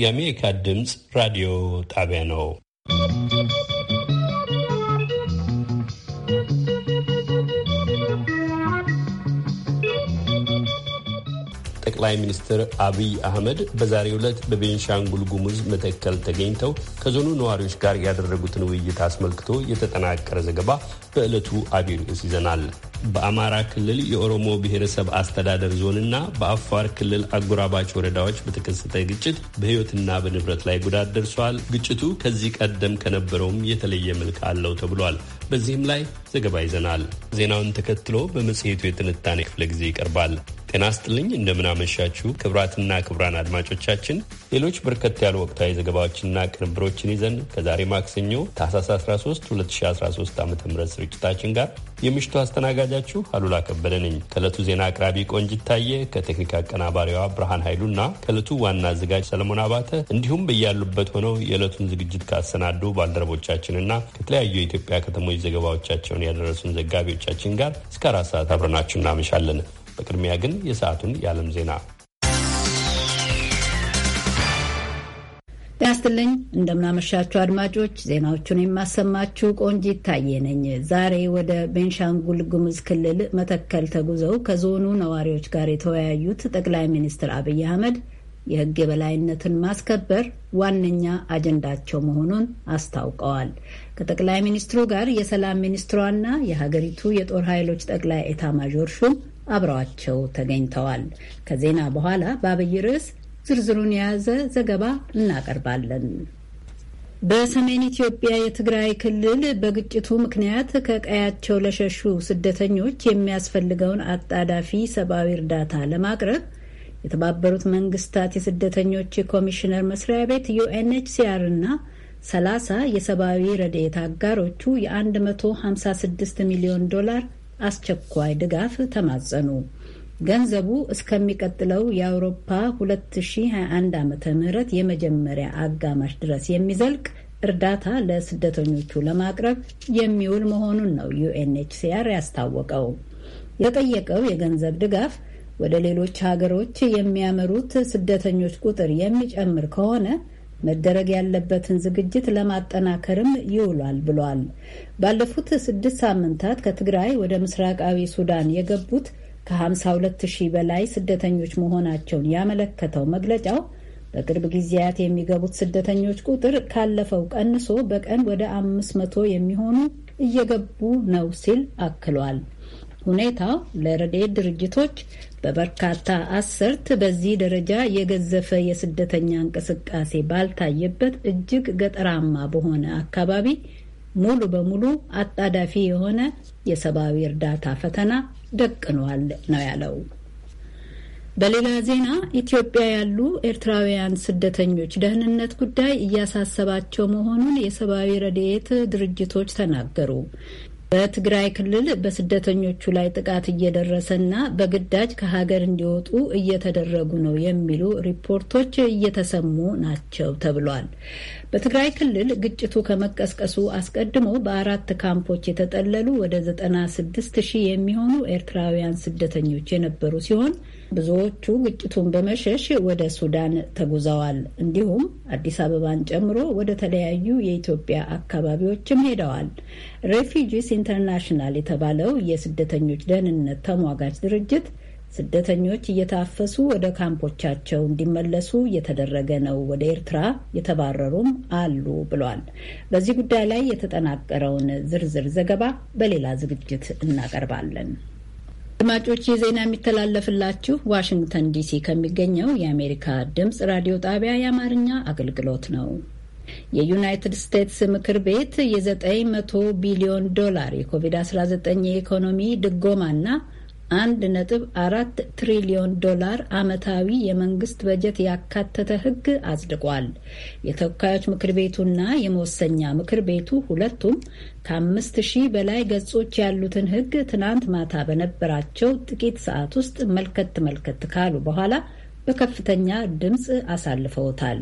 የአሜሪካ ድምፅ ራዲዮ ጣቢያ ነው። ጠቅላይ ሚኒስትር አብይ አህመድ በዛሬው ዕለት በቤንሻንጉል ጉሙዝ መተከል ተገኝተው ከዞኑ ነዋሪዎች ጋር ያደረጉትን ውይይት አስመልክቶ የተጠናቀረ ዘገባ በዕለቱ አቢይ ርዕስ ይዘናል። በአማራ ክልል የኦሮሞ ብሔረሰብ አስተዳደር ዞንና በአፋር ክልል አጎራባች ወረዳዎች በተከሰተ ግጭት በሕይወትና በንብረት ላይ ጉዳት ደርሷል። ግጭቱ ከዚህ ቀደም ከነበረውም የተለየ መልክ አለው ተብሏል። በዚህም ላይ ዘገባ ይዘናል። ዜናውን ተከትሎ በመጽሔቱ የትንታኔ ክፍለ ጊዜ ይቀርባል። ጤና ስጥልኝ፣ እንደምናመሻችሁ ክብራትና ክብራን አድማጮቻችን ሌሎች በርከት ያሉ ወቅታዊ ዘገባዎችና ቅንብሮችን ይዘን ከዛሬ ማክሰኞ ታህሳስ 13 2013 ዓ ም ስርጭታችን ጋር የምሽቱ አስተናጋጃችሁ አሉላ ከበደ ነኝ። ከእለቱ ዜና አቅራቢ ቆንጅት ታየ፣ ከቴክኒክ አቀናባሪዋ ብርሃን ኃይሉና ከእለቱ ዋና አዘጋጅ ሰለሞን አባተ እንዲሁም በያሉበት ሆነው የዕለቱን ዝግጅት ካሰናዱ ባልደረቦቻችንና ከተለያዩ የኢትዮጵያ ከተሞች ዘገባዎቻቸውን ያደረሱን ዘጋቢዎቻችን ጋር እስከ አራት ሰዓት አብረናችሁ እናመሻለን። በቅድሚያ ግን የሰዓቱን የዓለም ዜና ጤና ይስጥልኝ እንደምናመሻችሁ አድማጮች፣ ዜናዎቹን የማሰማችሁ ቆንጂ ይታየ ነኝ። ዛሬ ወደ ቤንሻንጉል ጉሙዝ ክልል መተከል ተጉዘው ከዞኑ ነዋሪዎች ጋር የተወያዩት ጠቅላይ ሚኒስትር አብይ አህመድ የሕግ የበላይነትን ማስከበር ዋነኛ አጀንዳቸው መሆኑን አስታውቀዋል። ከጠቅላይ ሚኒስትሩ ጋር የሰላም ሚኒስትሯና የሀገሪቱ የጦር ኃይሎች ጠቅላይ ኤታ ማዦር ሹም አብረዋቸው ተገኝተዋል። ከዜና በኋላ በአብይ ርዕስ ዝርዝሩን የያዘ ዘገባ እናቀርባለን። በሰሜን ኢትዮጵያ የትግራይ ክልል በግጭቱ ምክንያት ከቀያቸው ለሸሹ ስደተኞች የሚያስፈልገውን አጣዳፊ ሰብአዊ እርዳታ ለማቅረብ የተባበሩት መንግስታት የስደተኞች ኮሚሽነር መስሪያ ቤት ዩኤንኤችሲአር እና 30 የሰብአዊ ረድኤት አጋሮቹ የ156 ሚሊዮን ዶላር አስቸኳይ ድጋፍ ተማጸኑ። ገንዘቡ እስከሚቀጥለው የአውሮፓ 2021 ዓ ም የመጀመሪያ አጋማሽ ድረስ የሚዘልቅ እርዳታ ለስደተኞቹ ለማቅረብ የሚውል መሆኑን ነው ዩኤንኤችሲአር ያስታወቀው። የጠየቀው የገንዘብ ድጋፍ ወደ ሌሎች ሀገሮች የሚያመሩት ስደተኞች ቁጥር የሚጨምር ከሆነ መደረግ ያለበትን ዝግጅት ለማጠናከርም ይውሏል ብሏል። ባለፉት ስድስት ሳምንታት ከትግራይ ወደ ምስራቃዊ ሱዳን የገቡት ከ52 ሺህ በላይ ስደተኞች መሆናቸውን ያመለከተው መግለጫው በቅርብ ጊዜያት የሚገቡት ስደተኞች ቁጥር ካለፈው ቀንሶ በቀን ወደ 500 የሚሆኑ እየገቡ ነው ሲል አክሏል። ሁኔታው ለረድኤት ድርጅቶች በበርካታ አስርት በዚህ ደረጃ የገዘፈ የስደተኛ እንቅስቃሴ ባልታየበት እጅግ ገጠራማ በሆነ አካባቢ ሙሉ በሙሉ አጣዳፊ የሆነ የሰብአዊ እርዳታ ፈተና ደቅኗል ነው ያለው። በሌላ ዜና ኢትዮጵያ ያሉ ኤርትራውያን ስደተኞች ደህንነት ጉዳይ እያሳሰባቸው መሆኑን የሰብአዊ ረድኤት ድርጅቶች ተናገሩ። በትግራይ ክልል በስደተኞቹ ላይ ጥቃት እየደረሰና በግዳጅ ከሀገር እንዲወጡ እየተደረጉ ነው የሚሉ ሪፖርቶች እየተሰሙ ናቸው ተብሏል። በትግራይ ክልል ግጭቱ ከመቀስቀሱ አስቀድሞ በአራት ካምፖች የተጠለሉ ወደ ዘጠና ሺህ የሚሆኑ ኤርትራውያን ስደተኞች የነበሩ ሲሆን ብዙዎቹ ግጭቱን በመሸሽ ወደ ሱዳን ተጉዘዋል። እንዲሁም አዲስ አበባን ጨምሮ ወደ ተለያዩ የኢትዮጵያ አካባቢዎችም ሄደዋል። ሬፊጂስ ኢንተርናሽናል የተባለው የስደተኞች ደህንነት ተሟጋች ድርጅት ስደተኞች እየታፈሱ ወደ ካምፖቻቸው እንዲመለሱ እየተደረገ ነው፣ ወደ ኤርትራ የተባረሩም አሉ ብሏል። በዚህ ጉዳይ ላይ የተጠናቀረውን ዝርዝር ዘገባ በሌላ ዝግጅት እናቀርባለን። አድማጮች የዜና የሚተላለፍላችሁ ዋሽንግተን ዲሲ ከሚገኘው የአሜሪካ ድምፅ ራዲዮ ጣቢያ የአማርኛ አገልግሎት ነው። የዩናይትድ ስቴትስ ምክር ቤት የ900 ቢሊዮን ዶላር የኮቪድ-19 የኢኮኖሚ ድጎማና አንድ ነጥብ አራት ትሪሊዮን ዶላር አመታዊ የመንግስት በጀት ያካተተ ሕግ አጽድቋል። የተወካዮች ምክር ቤቱና የመወሰኛ ምክር ቤቱ ሁለቱም ከአምስት ሺህ በላይ ገጾች ያሉትን ሕግ ትናንት ማታ በነበራቸው ጥቂት ሰዓት ውስጥ መልከት መልከት ካሉ በኋላ በከፍተኛ ድምፅ አሳልፈውታል።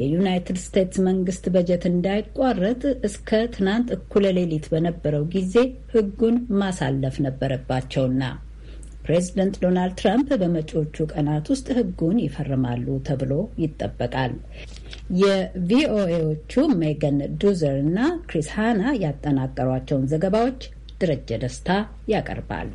የዩናይትድ ስቴትስ መንግስት በጀት እንዳይቋረጥ እስከ ትናንት እኩለ ሌሊት በነበረው ጊዜ ህጉን ማሳለፍ ነበረባቸውና ፕሬዝደንት ዶናልድ ትራምፕ በመጪዎቹ ቀናት ውስጥ ህጉን ይፈርማሉ ተብሎ ይጠበቃል። የቪኦኤዎቹ ሜገን ዱዘር እና ክሪስ ሃና ያጠናቀሯቸውን ዘገባዎች ደረጀ ደስታ ያቀርባል።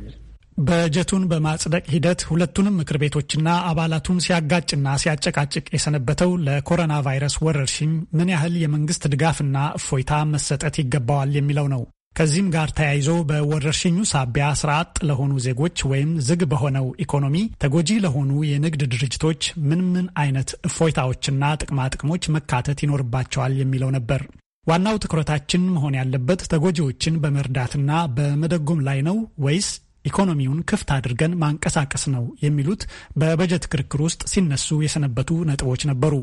በጀቱን በማጽደቅ ሂደት ሁለቱንም ምክር ቤቶችና አባላቱን ሲያጋጭና ሲያጨቃጭቅ የሰነበተው ለኮሮና ቫይረስ ወረርሽኝ ምን ያህል የመንግስት ድጋፍና እፎይታ መሰጠት ይገባዋል የሚለው ነው። ከዚህም ጋር ተያይዞ በወረርሽኙ ሳቢያ ስራ አጥ ለሆኑ ዜጎች ወይም ዝግ በሆነው ኢኮኖሚ ተጎጂ ለሆኑ የንግድ ድርጅቶች ምን ምን አይነት እፎይታዎችና ጥቅማጥቅሞች መካተት ይኖርባቸዋል የሚለው ነበር። ዋናው ትኩረታችን መሆን ያለበት ተጎጂዎችን በመርዳትና በመደጎም ላይ ነው ወይስ ኢኮኖሚውን ክፍት አድርገን ማንቀሳቀስ ነው የሚሉት በበጀት ክርክር ውስጥ ሲነሱ የሰነበቱ ነጥቦች ነበሩ።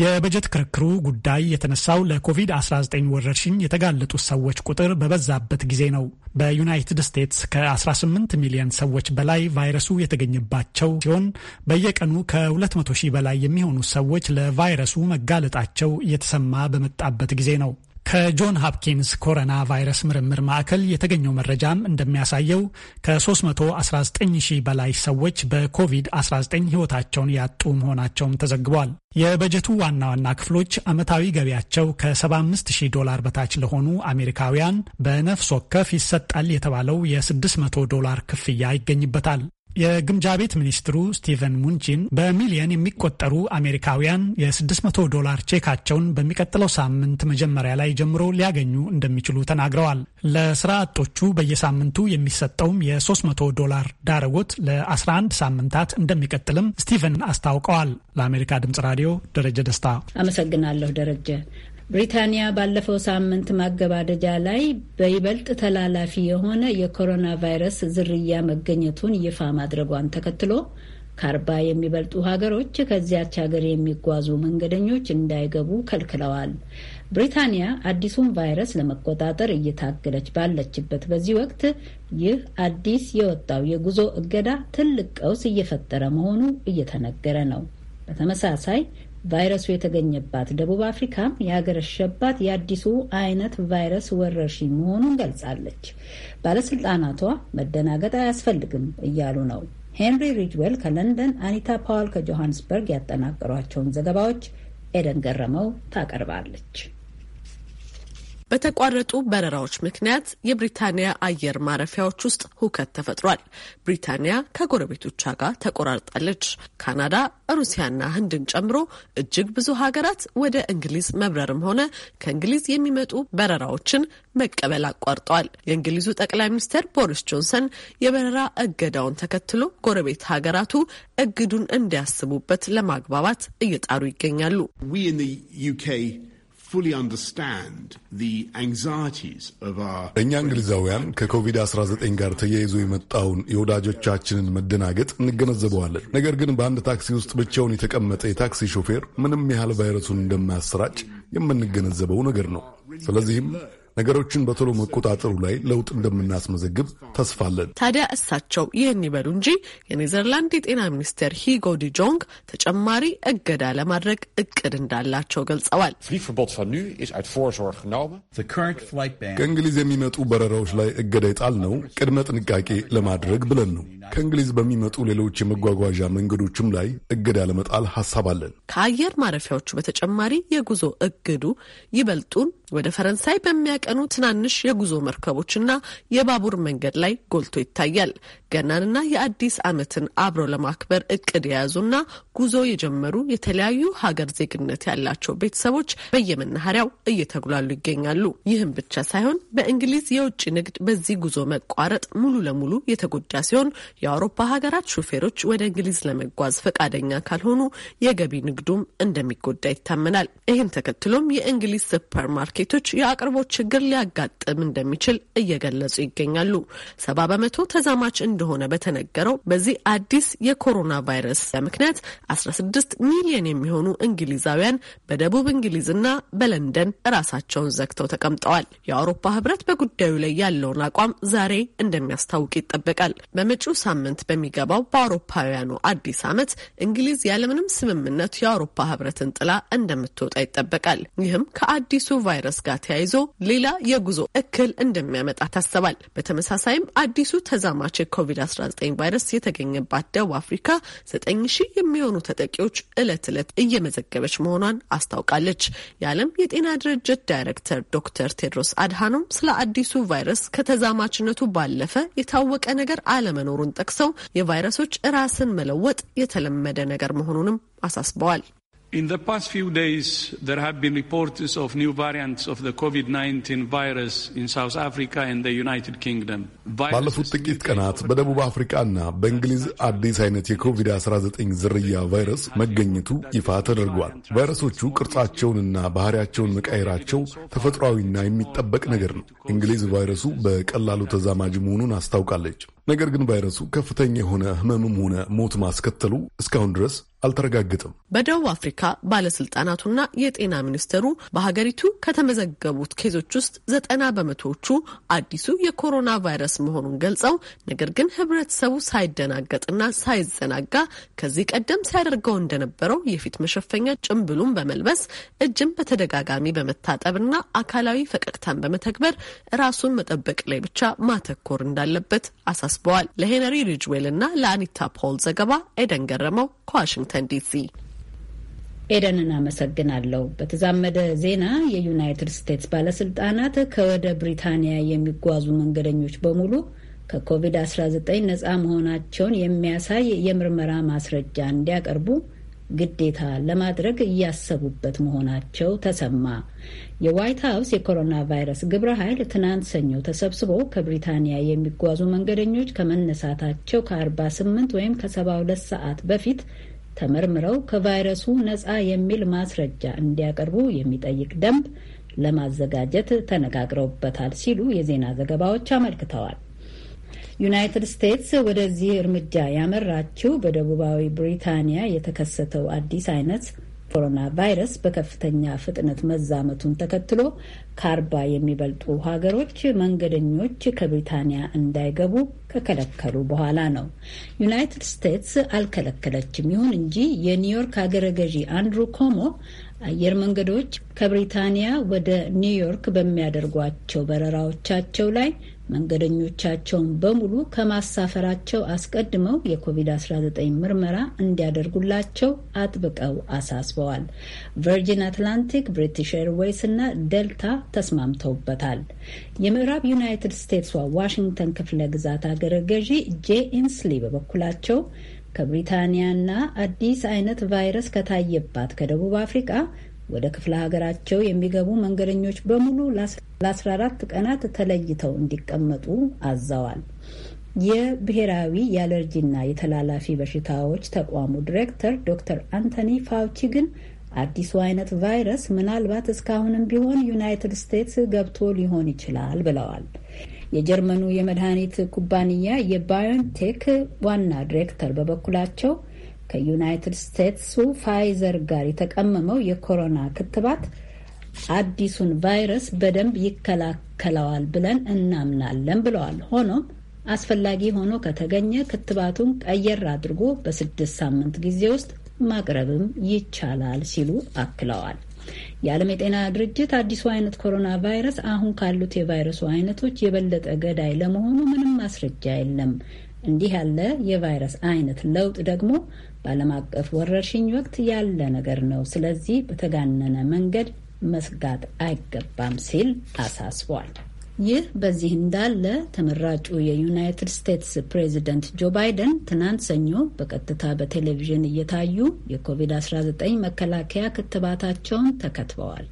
የበጀት ክርክሩ ጉዳይ የተነሳው ለኮቪድ-19 ወረርሽኝ የተጋለጡት ሰዎች ቁጥር በበዛበት ጊዜ ነው። በዩናይትድ ስቴትስ ከ18 ሚሊዮን ሰዎች በላይ ቫይረሱ የተገኘባቸው ሲሆን በየቀኑ ከ200 ሺህ በላይ የሚሆኑ ሰዎች ለቫይረሱ መጋለጣቸው እየተሰማ በመጣበት ጊዜ ነው። ከጆን ሀፕኪንስ ኮሮና ቫይረስ ምርምር ማዕከል የተገኘው መረጃም እንደሚያሳየው ከ319 ሺህ በላይ ሰዎች በኮቪድ-19 ሕይወታቸውን ያጡ መሆናቸውም ተዘግቧል። የበጀቱ ዋና ዋና ክፍሎች ዓመታዊ ገቢያቸው ከ75 ሺህ ዶላር በታች ለሆኑ አሜሪካውያን በነፍስ ወከፍ ይሰጣል የተባለው የ600 ዶላር ክፍያ ይገኝበታል። የግምጃ ቤት ሚኒስትሩ ስቲቨን ሙንቺን በሚሊየን የሚቆጠሩ አሜሪካውያን የ600 ዶላር ቼካቸውን በሚቀጥለው ሳምንት መጀመሪያ ላይ ጀምሮ ሊያገኙ እንደሚችሉ ተናግረዋል። ለስራ አጦቹ በየሳምንቱ የሚሰጠውም የ300 ዶላር ዳረጎት ለ11 ሳምንታት እንደሚቀጥልም ስቲቨን አስታውቀዋል። ለአሜሪካ ድምጽ ራዲዮ ደረጀ ደስታ አመሰግናለሁ። ደረጀ ብሪታንያ ባለፈው ሳምንት ማገባደጃ ላይ በይበልጥ ተላላፊ የሆነ የኮሮና ቫይረስ ዝርያ መገኘቱን ይፋ ማድረጓን ተከትሎ ከአርባ የሚበልጡ ሀገሮች ከዚያች ሀገር የሚጓዙ መንገደኞች እንዳይገቡ ከልክለዋል። ብሪታንያ አዲሱን ቫይረስ ለመቆጣጠር እየታገለች ባለችበት በዚህ ወቅት ይህ አዲስ የወጣው የጉዞ እገዳ ትልቅ ቀውስ እየፈጠረ መሆኑ እየተነገረ ነው። በተመሳሳይ ቫይረሱ የተገኘባት ደቡብ አፍሪካም ያገረሸባት የአዲሱ አይነት ቫይረስ ወረርሽኝ መሆኑን ገልጻለች። ባለስልጣናቷ መደናገጥ አያስፈልግም እያሉ ነው። ሄንሪ ሪጅዌል ከለንደን፣ አኒታ ፓውል ከጆሃንስበርግ ያጠናቀሯቸውን ዘገባዎች ኤደን ገረመው ታቀርባለች። በተቋረጡ በረራዎች ምክንያት የብሪታንያ አየር ማረፊያዎች ውስጥ ሁከት ተፈጥሯል። ብሪታንያ ከጎረቤቶቿ ጋር ተቆራርጣለች። ካናዳ፣ ሩሲያና ህንድን ጨምሮ እጅግ ብዙ ሀገራት ወደ እንግሊዝ መብረርም ሆነ ከእንግሊዝ የሚመጡ በረራዎችን መቀበል አቋርጠዋል። የእንግሊዙ ጠቅላይ ሚኒስትር ቦሪስ ጆንሰን የበረራ እገዳውን ተከትሎ ጎረቤት ሀገራቱ እግዱን እንዲያስቡበት ለማግባባት እየጣሩ ይገኛሉ። እኛ እንግሊዛውያን ከኮቪድ-19 ጋር ተያይዞ የመጣውን የወዳጆቻችንን መደናገጥ እንገነዘበዋለን። ነገር ግን በአንድ ታክሲ ውስጥ ብቻውን የተቀመጠ የታክሲ ሾፌር ምንም ያህል ቫይረሱን እንደማያሰራጭ የምንገነዘበው ነገር ነው። ስለዚህም ነገሮችን በቶሎ መቆጣጠሩ ላይ ለውጥ እንደምናስመዘግብ ተስፋለን። ታዲያ እሳቸው ይህን ይበሉ እንጂ የኔዘርላንድ የጤና ሚኒስቴር ሂጎ ዲጆንግ ተጨማሪ እገዳ ለማድረግ እቅድ እንዳላቸው ገልጸዋል። ከእንግሊዝ የሚመጡ በረራዎች ላይ እገዳ ይጣል ነው ቅድመ ጥንቃቄ ለማድረግ ብለን ነው። ከእንግሊዝ በሚመጡ ሌሎች የመጓጓዣ መንገዶችም ላይ እገዳ ለመጣል ሀሳብ አለን። ከአየር ማረፊያዎቹ በተጨማሪ የጉዞ እግዱ ይበልጡን ወደ ፈረንሳይ በሚያቀ በየቀኑ ትናንሽ የጉዞ መርከቦችና የባቡር መንገድ ላይ ጎልቶ ይታያል። ገናንና የአዲስ ዓመትን አብሮ ለማክበር እቅድ የያዙና ጉዞ የጀመሩ የተለያዩ ሀገር ዜግነት ያላቸው ቤተሰቦች በየመናኸሪያው እየተጉላሉ ይገኛሉ። ይህም ብቻ ሳይሆን በእንግሊዝ የውጭ ንግድ በዚህ ጉዞ መቋረጥ ሙሉ ለሙሉ የተጎዳ ሲሆን የአውሮፓ ሀገራት ሹፌሮች ወደ እንግሊዝ ለመጓዝ ፈቃደኛ ካልሆኑ የገቢ ንግዱም እንደሚጎዳ ይታመናል። ይህን ተከትሎም የእንግሊዝ ሱፐር ማርኬቶች የአቅርቦት ችግር ሊያጋጥም እንደሚችል እየገለጹ ይገኛሉ። ሰባ በመቶ ተዛማች እንደሆነ በተነገረው በዚህ አዲስ የኮሮና ቫይረስ ምክንያት 16 ሚሊዮን የሚሆኑ እንግሊዛውያን በደቡብ እንግሊዝና በለንደን ራሳቸውን ዘግተው ተቀምጠዋል። የአውሮፓ ህብረት በጉዳዩ ላይ ያለውን አቋም ዛሬ እንደሚያስታውቅ ይጠበቃል። በመጪው ሳምንት በሚገባው በአውሮፓውያኑ አዲስ ዓመት እንግሊዝ ያለምንም ስምምነት የአውሮፓ ህብረትን ጥላ እንደምትወጣ ይጠበቃል። ይህም ከአዲሱ ቫይረስ ጋር ተያይዞ ሌላ የጉዞ እክል እንደሚያመጣ ታስባል። በተመሳሳይም አዲሱ ተዛማች የኮቪድ-19 ቫይረስ የተገኘባት ደቡብ አፍሪካ ዘጠኝ ሺህ የሚሆኑ ተጠቂዎች ዕለት ዕለት እየመዘገበች መሆኗን አስታውቃለች። የዓለም የጤና ድርጅት ዳይሬክተር ዶክተር ቴድሮስ አድሃኖም ስለ አዲሱ ቫይረስ ከተዛማችነቱ ባለፈ የታወቀ ነገር አለመኖሩን ጠቅሰው የቫይረሶች ራስን መለወጥ የተለመደ ነገር መሆኑንም አሳስበዋል። In the past few days, there have been reports of new variants of the COVID-19 virus in South Africa and the United Kingdom. ባለፉት ጥቂት ቀናት በደቡብ አፍሪካና በእንግሊዝ አዲስ አይነት የኮቪድ-19 ዝርያ ቫይረስ መገኘቱ ይፋ ተደርጓል። ቫይረሶቹ ቅርጻቸውንና ባህሪያቸውን መቀየራቸው ተፈጥሯዊና የሚጠበቅ ነገር ነው። እንግሊዝ ቫይረሱ በቀላሉ ተዛማጅ መሆኑን አስታውቃለች። ነገር ግን ቫይረሱ ከፍተኛ የሆነ ህመምም ሆነ ሞት ማስከተሉ እስካሁን ድረስ አልተረጋግጥም። በደቡብ አፍሪካ ባለስልጣናቱና የጤና ሚኒስቴሩ በሀገሪቱ ከተመዘገቡት ኬዞች ውስጥ ዘጠና በመቶዎቹ አዲሱ የኮሮና ቫይረስ መሆኑን ገልጸው ነገር ግን ህብረተሰቡ ሳይደናገጥና ሳይዘናጋ ከዚህ ቀደም ሲያደርገው እንደነበረው የፊት መሸፈኛ ጭንብሉን በመልበስ እጅን በተደጋጋሚ በመታጠብና አካላዊ ፈቀቅታን በመተግበር ራሱን መጠበቅ ላይ ብቻ ማተኮር እንዳለበት አሳስበዋል። ለሄነሪ ሪጅዌል እና ለአኒታ ፖል ዘገባ ኤደን ገረመው ከዋሽንግተን ዋሽንግተን ዲሲ። ኤደንን አመሰግናለሁ። በተዛመደ ዜና የዩናይትድ ስቴትስ ባለስልጣናት ከወደ ብሪታንያ የሚጓዙ መንገደኞች በሙሉ ከኮቪድ-19 ነጻ መሆናቸውን የሚያሳይ የምርመራ ማስረጃ እንዲያቀርቡ ግዴታ ለማድረግ እያሰቡበት መሆናቸው ተሰማ። የዋይት ሀውስ የኮሮና ቫይረስ ግብረ ኃይል ትናንት ሰኞ ተሰብስቦ ከብሪታንያ የሚጓዙ መንገደኞች ከመነሳታቸው ከ48 ወይም ከ72 ሰዓት በፊት ተመርምረው ከቫይረሱ ነጻ የሚል ማስረጃ እንዲያቀርቡ የሚጠይቅ ደንብ ለማዘጋጀት ተነጋግረውበታል ሲሉ የዜና ዘገባዎች አመልክተዋል። ዩናይትድ ስቴትስ ወደዚህ እርምጃ ያመራችው በደቡባዊ ብሪታንያ የተከሰተው አዲስ አይነት ኮሮና ቫይረስ በከፍተኛ ፍጥነት መዛመቱን ተከትሎ ከአርባ የሚበልጡ ሀገሮች መንገደኞች ከብሪታንያ እንዳይገቡ ከከለከሉ በኋላ ነው። ዩናይትድ ስቴትስ አልከለከለችም። ይሁን እንጂ የኒውዮርክ ሀገረ ገዢ አንድሩ ኮሞ አየር መንገዶች ከብሪታንያ ወደ ኒውዮርክ በሚያደርጓቸው በረራዎቻቸው ላይ መንገደኞቻቸውን በሙሉ ከማሳፈራቸው አስቀድመው የኮቪድ-19 ምርመራ እንዲያደርጉላቸው አጥብቀው አሳስበዋል። ቨርጂን አትላንቲክ፣ ብሪቲሽ ኤርዌይስ እና ዴልታ ተስማምተውበታል። የምዕራብ ዩናይትድ ስቴትሷ ዋሽንግተን ክፍለ ግዛት አገረ ገዢ ጄ ኢንስሊ በበኩላቸው ከብሪታንያና አዲስ አይነት ቫይረስ ከታየባት ከደቡብ አፍሪቃ ወደ ክፍለ ሀገራቸው የሚገቡ መንገደኞች በሙሉ ለ14 ቀናት ተለይተው እንዲቀመጡ አዘዋል። የብሔራዊ የአለርጂና የተላላፊ በሽታዎች ተቋሙ ዲሬክተር ዶክተር አንቶኒ ፋውቺ ግን አዲሱ አይነት ቫይረስ ምናልባት እስካሁንም ቢሆን ዩናይትድ ስቴትስ ገብቶ ሊሆን ይችላል ብለዋል። የጀርመኑ የመድኃኒት ኩባንያ የባዮንቴክ ዋና ዲሬክተር በበኩላቸው ከዩናይትድ ስቴትሱ ፋይዘር ጋር የተቀመመው የኮሮና ክትባት አዲሱን ቫይረስ በደንብ ይከላከለዋል ብለን እናምናለን ብለዋል። ሆኖም አስፈላጊ ሆኖ ከተገኘ ክትባቱን ቀየር አድርጎ በስድስት ሳምንት ጊዜ ውስጥ ማቅረብም ይቻላል ሲሉ አክለዋል። የዓለም የጤና ድርጅት አዲሱ አይነት ኮሮና ቫይረስ አሁን ካሉት የቫይረሱ አይነቶች የበለጠ ገዳይ ለመሆኑ ምንም ማስረጃ የለም። እንዲህ ያለ የቫይረስ አይነት ለውጥ ደግሞ በዓለም አቀፍ ወረርሽኝ ወቅት ያለ ነገር ነው። ስለዚህ በተጋነነ መንገድ መስጋት አይገባም ሲል አሳስቧል። ይህ በዚህ እንዳለ ተመራጩ የዩናይትድ ስቴትስ ፕሬዚደንት ጆ ባይደን ትናንት ሰኞ በቀጥታ በቴሌቪዥን እየታዩ የኮቪድ-19 መከላከያ ክትባታቸውን ተከትበዋል።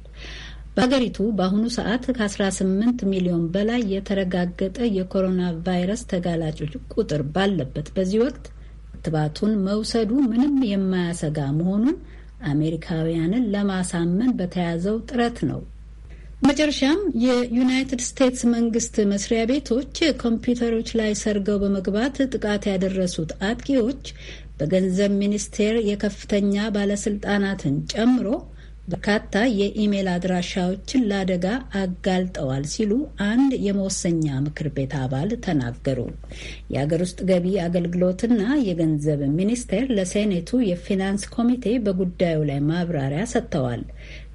በሀገሪቱ በአሁኑ ሰዓት ከ18 ሚሊዮን በላይ የተረጋገጠ የኮሮና ቫይረስ ተጋላጮች ቁጥር ባለበት በዚህ ወቅት ክትባቱን መውሰዱ ምንም የማያሰጋ መሆኑን አሜሪካውያንን ለማሳመን በተያዘው ጥረት ነው። መጨረሻም የዩናይትድ ስቴትስ መንግስት መስሪያ ቤቶች ኮምፒውተሮች ላይ ሰርገው በመግባት ጥቃት ያደረሱት አጥቂዎች በገንዘብ ሚኒስቴር የከፍተኛ ባለስልጣናትን ጨምሮ በርካታ የኢሜል አድራሻዎችን ለአደጋ አጋልጠዋል ሲሉ አንድ የመወሰኛ ምክር ቤት አባል ተናገሩ። የአገር ውስጥ ገቢ አገልግሎትና የገንዘብ ሚኒስቴር ለሴኔቱ የፊናንስ ኮሚቴ በጉዳዩ ላይ ማብራሪያ ሰጥተዋል።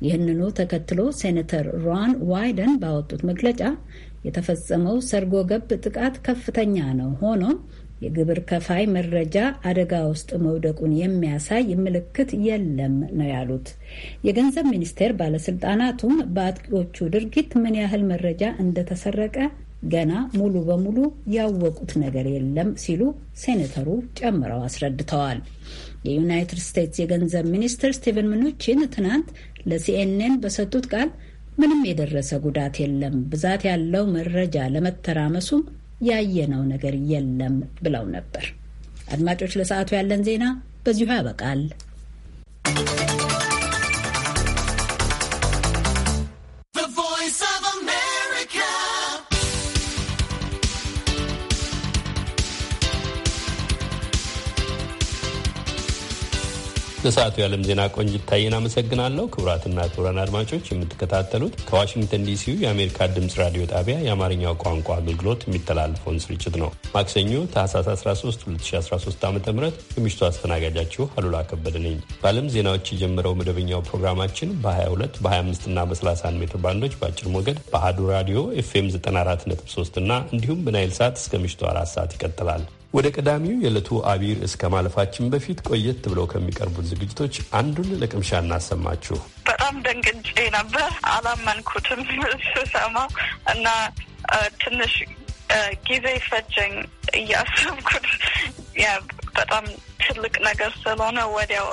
ይህንኑ ተከትሎ ሴኔተር ሮን ዋይደን ባወጡት መግለጫ የተፈጸመው ሰርጎ ገብ ጥቃት ከፍተኛ ነው፣ ሆኖም የግብር ከፋይ መረጃ አደጋ ውስጥ መውደቁን የሚያሳይ ምልክት የለም ነው ያሉት። የገንዘብ ሚኒስቴር ባለስልጣናቱም በአጥቂዎቹ ድርጊት ምን ያህል መረጃ እንደተሰረቀ ገና ሙሉ በሙሉ ያወቁት ነገር የለም ሲሉ ሴኔተሩ ጨምረው አስረድተዋል። የዩናይትድ ስቴትስ የገንዘብ ሚኒስትር ስቲቨን ምኑቺን ትናንት ለሲኤንኤን በሰጡት ቃል ምንም የደረሰ ጉዳት የለም፣ ብዛት ያለው መረጃ ለመተራመሱም ያየነው ነገር የለም ብለው ነበር። አድማጮች፣ ለሰዓቱ ያለን ዜና በዚሁ ያበቃል። ለሰዓቱ የዓለም ዜና ቆንጅት ታየን አመሰግናለሁ። ክቡራትና ክቡራን አድማጮች የምትከታተሉት ከዋሽንግተን ዲሲው የአሜሪካ ድምፅ ራዲዮ ጣቢያ የአማርኛው ቋንቋ አገልግሎት የሚተላለፈውን ስርጭት ነው። ማክሰኞ ታህሳስ 13 2013 ዓ ም የምሽቱ አስተናጋጃችሁ አሉላ ከበደ ነኝ። በዓለም ዜናዎች የጀመረው መደበኛው ፕሮግራማችን በ22 በ25 እና በ31 ሜትር ባንዶች በአጭር ሞገድ በአዱ ራዲዮ ኤፍኤም 94.3 እና እንዲሁም በናይል ሰዓት እስከ ምሽቱ አራት ሰዓት ይቀጥላል። ወደ ቀዳሚው የዕለቱ አቢር እስከ ማለፋችን በፊት ቆየት ብለው ከሚቀርቡት ዝግጅቶች አንዱን ለቅምሻ እናሰማችሁ። በጣም ደንግጬ ነበር፣ አላመንኩትም ስሰማ እና ትንሽ ጊዜ ፈጀኝ እያሰብኩት። በጣም ትልቅ ነገር ስለሆነ ወዲያው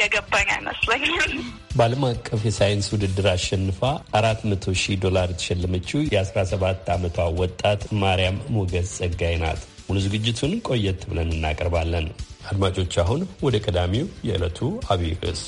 የገባኝ አይመስለኝም። በዓለም አቀፍ የሳይንስ ውድድር አሸንፋ አራት መቶ ሺህ ዶላር የተሸለመችው የአስራ ሰባት ዓመቷ ወጣት ማርያም ሞገስ ጸጋይ ናት። ሙሉ ዝግጅቱን ቆየት ብለን እናቀርባለን። አድማጮች አሁን ወደ ቀዳሚው የዕለቱ አብይ ርዕስ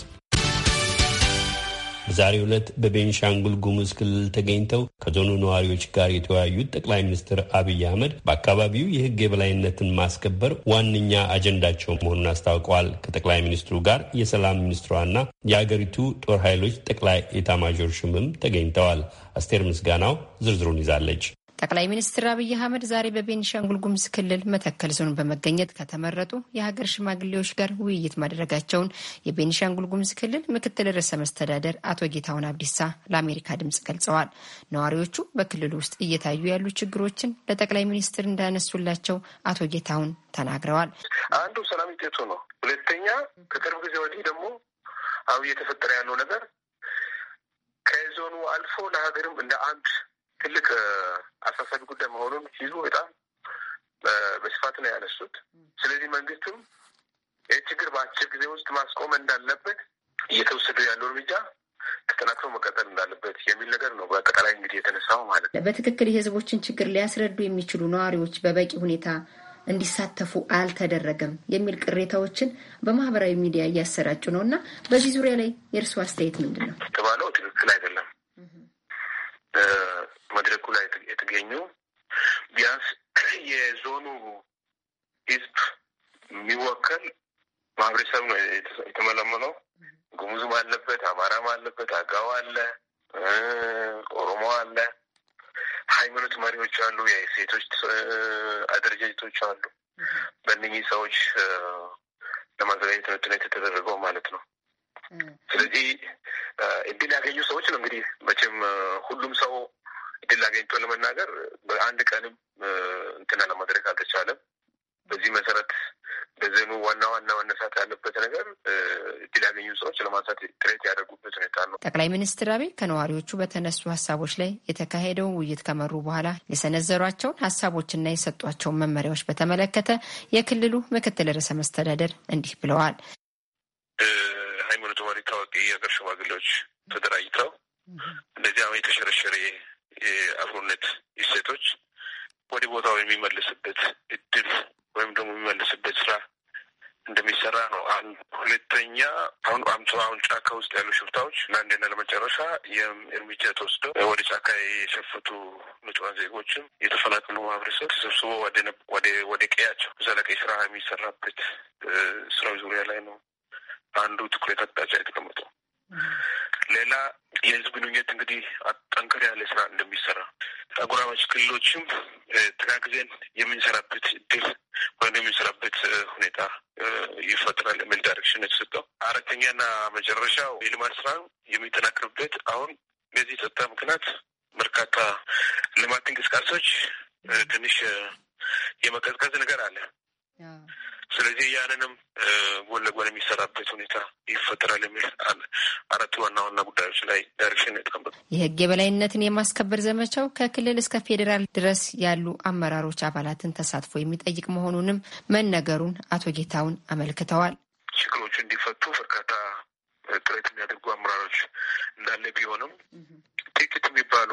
በዛሬ ዕለት በቤንሻንጉል ጉሙዝ ክልል ተገኝተው ከዞኑ ነዋሪዎች ጋር የተወያዩት ጠቅላይ ሚኒስትር አብይ አህመድ በአካባቢው የሕግ የበላይነትን ማስከበር ዋነኛ አጀንዳቸው መሆኑን አስታውቀዋል። ከጠቅላይ ሚኒስትሩ ጋር የሰላም ሚኒስትሯና የአገሪቱ ጦር ኃይሎች ጠቅላይ ኤታማዦር ሹምም ተገኝተዋል። አስቴር ምስጋናው ዝርዝሩን ይዛለች። ጠቅላይ ሚኒስትር አብይ አህመድ ዛሬ በቤኒሻንጉል ጉሙዝ ክልል መተከል ዞን በመገኘት ከተመረጡ የሀገር ሽማግሌዎች ጋር ውይይት ማድረጋቸውን የቤኒሻንጉል ጉሙዝ ክልል ምክትል ርዕሰ መስተዳደር አቶ ጌታሁን አብዲሳ ለአሜሪካ ድምጽ ገልጸዋል። ነዋሪዎቹ በክልሉ ውስጥ እየታዩ ያሉ ችግሮችን ለጠቅላይ ሚኒስትር እንዳያነሱላቸው አቶ ጌታሁን ተናግረዋል። አንዱ ሰላም ውጤቱ ነው። ሁለተኛ ከቅርብ ጊዜ ወዲህ ደግሞ አብይ እየተፈጠረ ያለው ነገር ከዞኑ አልፎ ለሀገርም እንደ አንድ ትልቅ አሳሳቢ ጉዳይ መሆኑን ሲይዙ በጣም በስፋት ነው ያነሱት። ስለዚህ መንግስትም ይህ ችግር በአጭር ጊዜ ውስጥ ማስቆም እንዳለበት እየተወሰዱ ያለው እርምጃ ተጠናክሮ መቀጠል እንዳለበት የሚል ነገር ነው በአጠቃላይ እንግዲህ የተነሳው ማለት ነው። በትክክል የህዝቦችን ችግር ሊያስረዱ የሚችሉ ነዋሪዎች በበቂ ሁኔታ እንዲሳተፉ አልተደረገም የሚል ቅሬታዎችን በማህበራዊ ሚዲያ እያሰራጩ ነው እና በዚህ ዙሪያ ላይ የእርስዎ አስተያየት ምንድን ነው? የተባለው ትክክል አይደለም። መድረኩ ላይ የተገኙ ቢያንስ የዞኑ ህዝብ የሚወከል ማህበረሰብ ነው የተመለመለው። ጉሙዝም አለበት፣ አማራም አለበት፣ አጋው አለ፣ ኦሮሞ አለ፣ ሃይማኖት መሪዎች አሉ፣ የሴቶች አደረጃጀቶች አሉ። በእነኚህ ሰዎች ለማዘጋጀት ነው የተደረገው ማለት ነው። ስለዚህ እድል ያገኙ ሰዎች ነው እንግዲህ መቼም ሁሉም ሰው እድል አገኝቶ ለመናገር በአንድ ቀንም እንትና ለማድረግ አልተቻለም። በዚህ መሰረት በዘኑ ዋና ዋና መነሳት ያለበት ነገር እድል ያገኙ ሰዎች ለማንሳት ጥረት ያደርጉበት ሁኔታ ነው። ጠቅላይ ሚኒስትር አብይ ከነዋሪዎቹ በተነሱ ሀሳቦች ላይ የተካሄደውን ውይይት ከመሩ በኋላ የሰነዘሯቸውን ሀሳቦችና የሰጧቸውን መመሪያዎች በተመለከተ የክልሉ ምክትል ርዕሰ መስተዳደር እንዲህ ብለዋል። ሃይማኖት መሪ ታዋቂ የሀገር ሽማግሌዎች ተደራጅተው እንደዚህ አሁን የተሸረሸረ የአብሮነት እሴቶች ወደ ቦታው የሚመልስበት እድል ወይም ደግሞ የሚመልስበት ስራ እንደሚሰራ ነው። አንድ ሁለተኛ አሁን አምቶ አሁን ጫካ ውስጥ ያሉ ሽፍታዎች ለአንዴና ለመጨረሻ እርምጃ ተወስደው ወደ ጫካ የሸፈቱ ንጹሃን ዜጎችም የተፈናቀሉ ማህበረሰብ ተሰብስቦ ወደ ቀያቸው ዘለቀ ስራ የሚሰራበት ስራው ዙሪያ ላይ ነው አንዱ ትኩረት አቅጣጫ የተቀመጠው። ሌላ የህዝብ ግንኙነት እንግዲህ ጠንከር ያለ ስራ እንደሚሰራ አጎራባች ክልሎችም ተጋግዘን የምንሰራበት እድል ወይም የምንሰራበት ሁኔታ ይፈጥራል የሚል ዳይሬክሽን የተሰጠው። አራተኛና መጨረሻው የልማት ስራ የሚጠናክርበት አሁን በዚህ ጸጥታ ምክንያት በርካታ ልማት እንቅስቃሴዎች ትንሽ የመቀዝቀዝ ነገር አለ። ስለዚህ ያንንም ጎን ለጎን የሚሰራበት ሁኔታ ይፈጠራል የሚል አራት ዋና ዋና ጉዳዮች ላይ ዳይሬክሽን የጠበቁ የህግ የበላይነትን የማስከበር ዘመቻው ከክልል እስከ ፌዴራል ድረስ ያሉ አመራሮች አባላትን ተሳትፎ የሚጠይቅ መሆኑንም መነገሩን አቶ ጌታውን አመልክተዋል። ችግሮቹ እንዲፈቱ በርካታ ጥረት የሚያደርጉ አመራሮች እንዳለ ቢሆንም ጥቂት የሚባሉ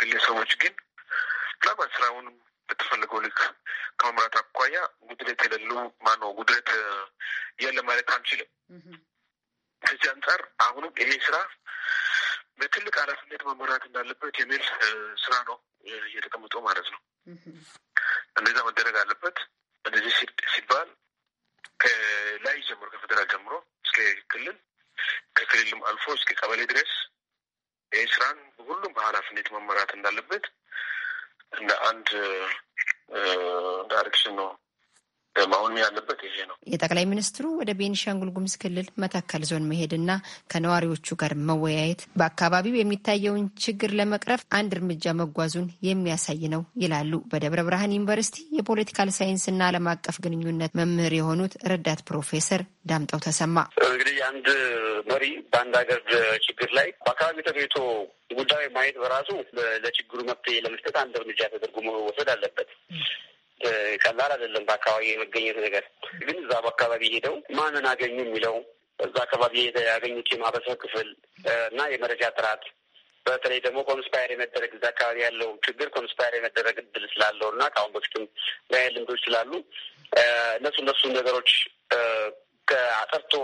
ግለሰቦች ግን ለባት ስራውን በተፈለገው ልክ ከመምራት አኳያ ጉድለት የሌለው ማነው ጉድለት የለ ማለት አንችልም። ከዚህ አንጻር አሁንም ይሄ ስራ በትልቅ ኃላፊነት መመራት እንዳለበት የሚል ስራ ነው እየተቀምጦ ማለት ነው። እንደዛ መደረግ አለበት። እንደዚህ ሲባል ከላይ ጀምሮ ከፌደራል ጀምሮ እስከ ክልል ከክልልም አልፎ እስከ ቀበሌ ድረስ ይህ ስራን ሁሉም በኃላፊነት መመራት እንዳለበት እንደ አንድ ዳይሬክሽን ነው መሆንም ያለበት ይሄ ነው። የጠቅላይ ሚኒስትሩ ወደ ቤኒሻንጉል ጉሙዝ ክልል መተከል ዞን መሄድና ከነዋሪዎቹ ጋር መወያየት በአካባቢው የሚታየውን ችግር ለመቅረፍ አንድ እርምጃ መጓዙን የሚያሳይ ነው ይላሉ በደብረ ብርሃን ዩኒቨርሲቲ የፖለቲካል ሳይንስና ዓለም አቀፍ ግንኙነት መምህር የሆኑት ረዳት ፕሮፌሰር ዳምጠው ተሰማ። እንግዲህ አንድ መሪ በአንድ ሀገር ችግር ላይ በአካባቢ ተገኝቶ ጉዳዩ ማየት በራሱ ለችግሩ መፍትሄ ለመስጠት አንድ እርምጃ ተደርጎ መወሰድ አለበት። ቀላል አይደለም። በአካባቢ የመገኘት ነገር ግን እዛ በአካባቢ ሄደው ማንን አገኙ የሚለው እዛ አካባቢ ያገኙት የማህበረሰብ ክፍል እና የመረጃ ጥራት በተለይ ደግሞ ኮንስፓየር የመደረግ እዛ አካባቢ ያለው ችግር ኮንስፓየር የመደረግ እድል ስላለው እና ከአሁን በፊትም ያ ልምዶች ስላሉ እነሱ እነሱ ነገሮች አጠርቶ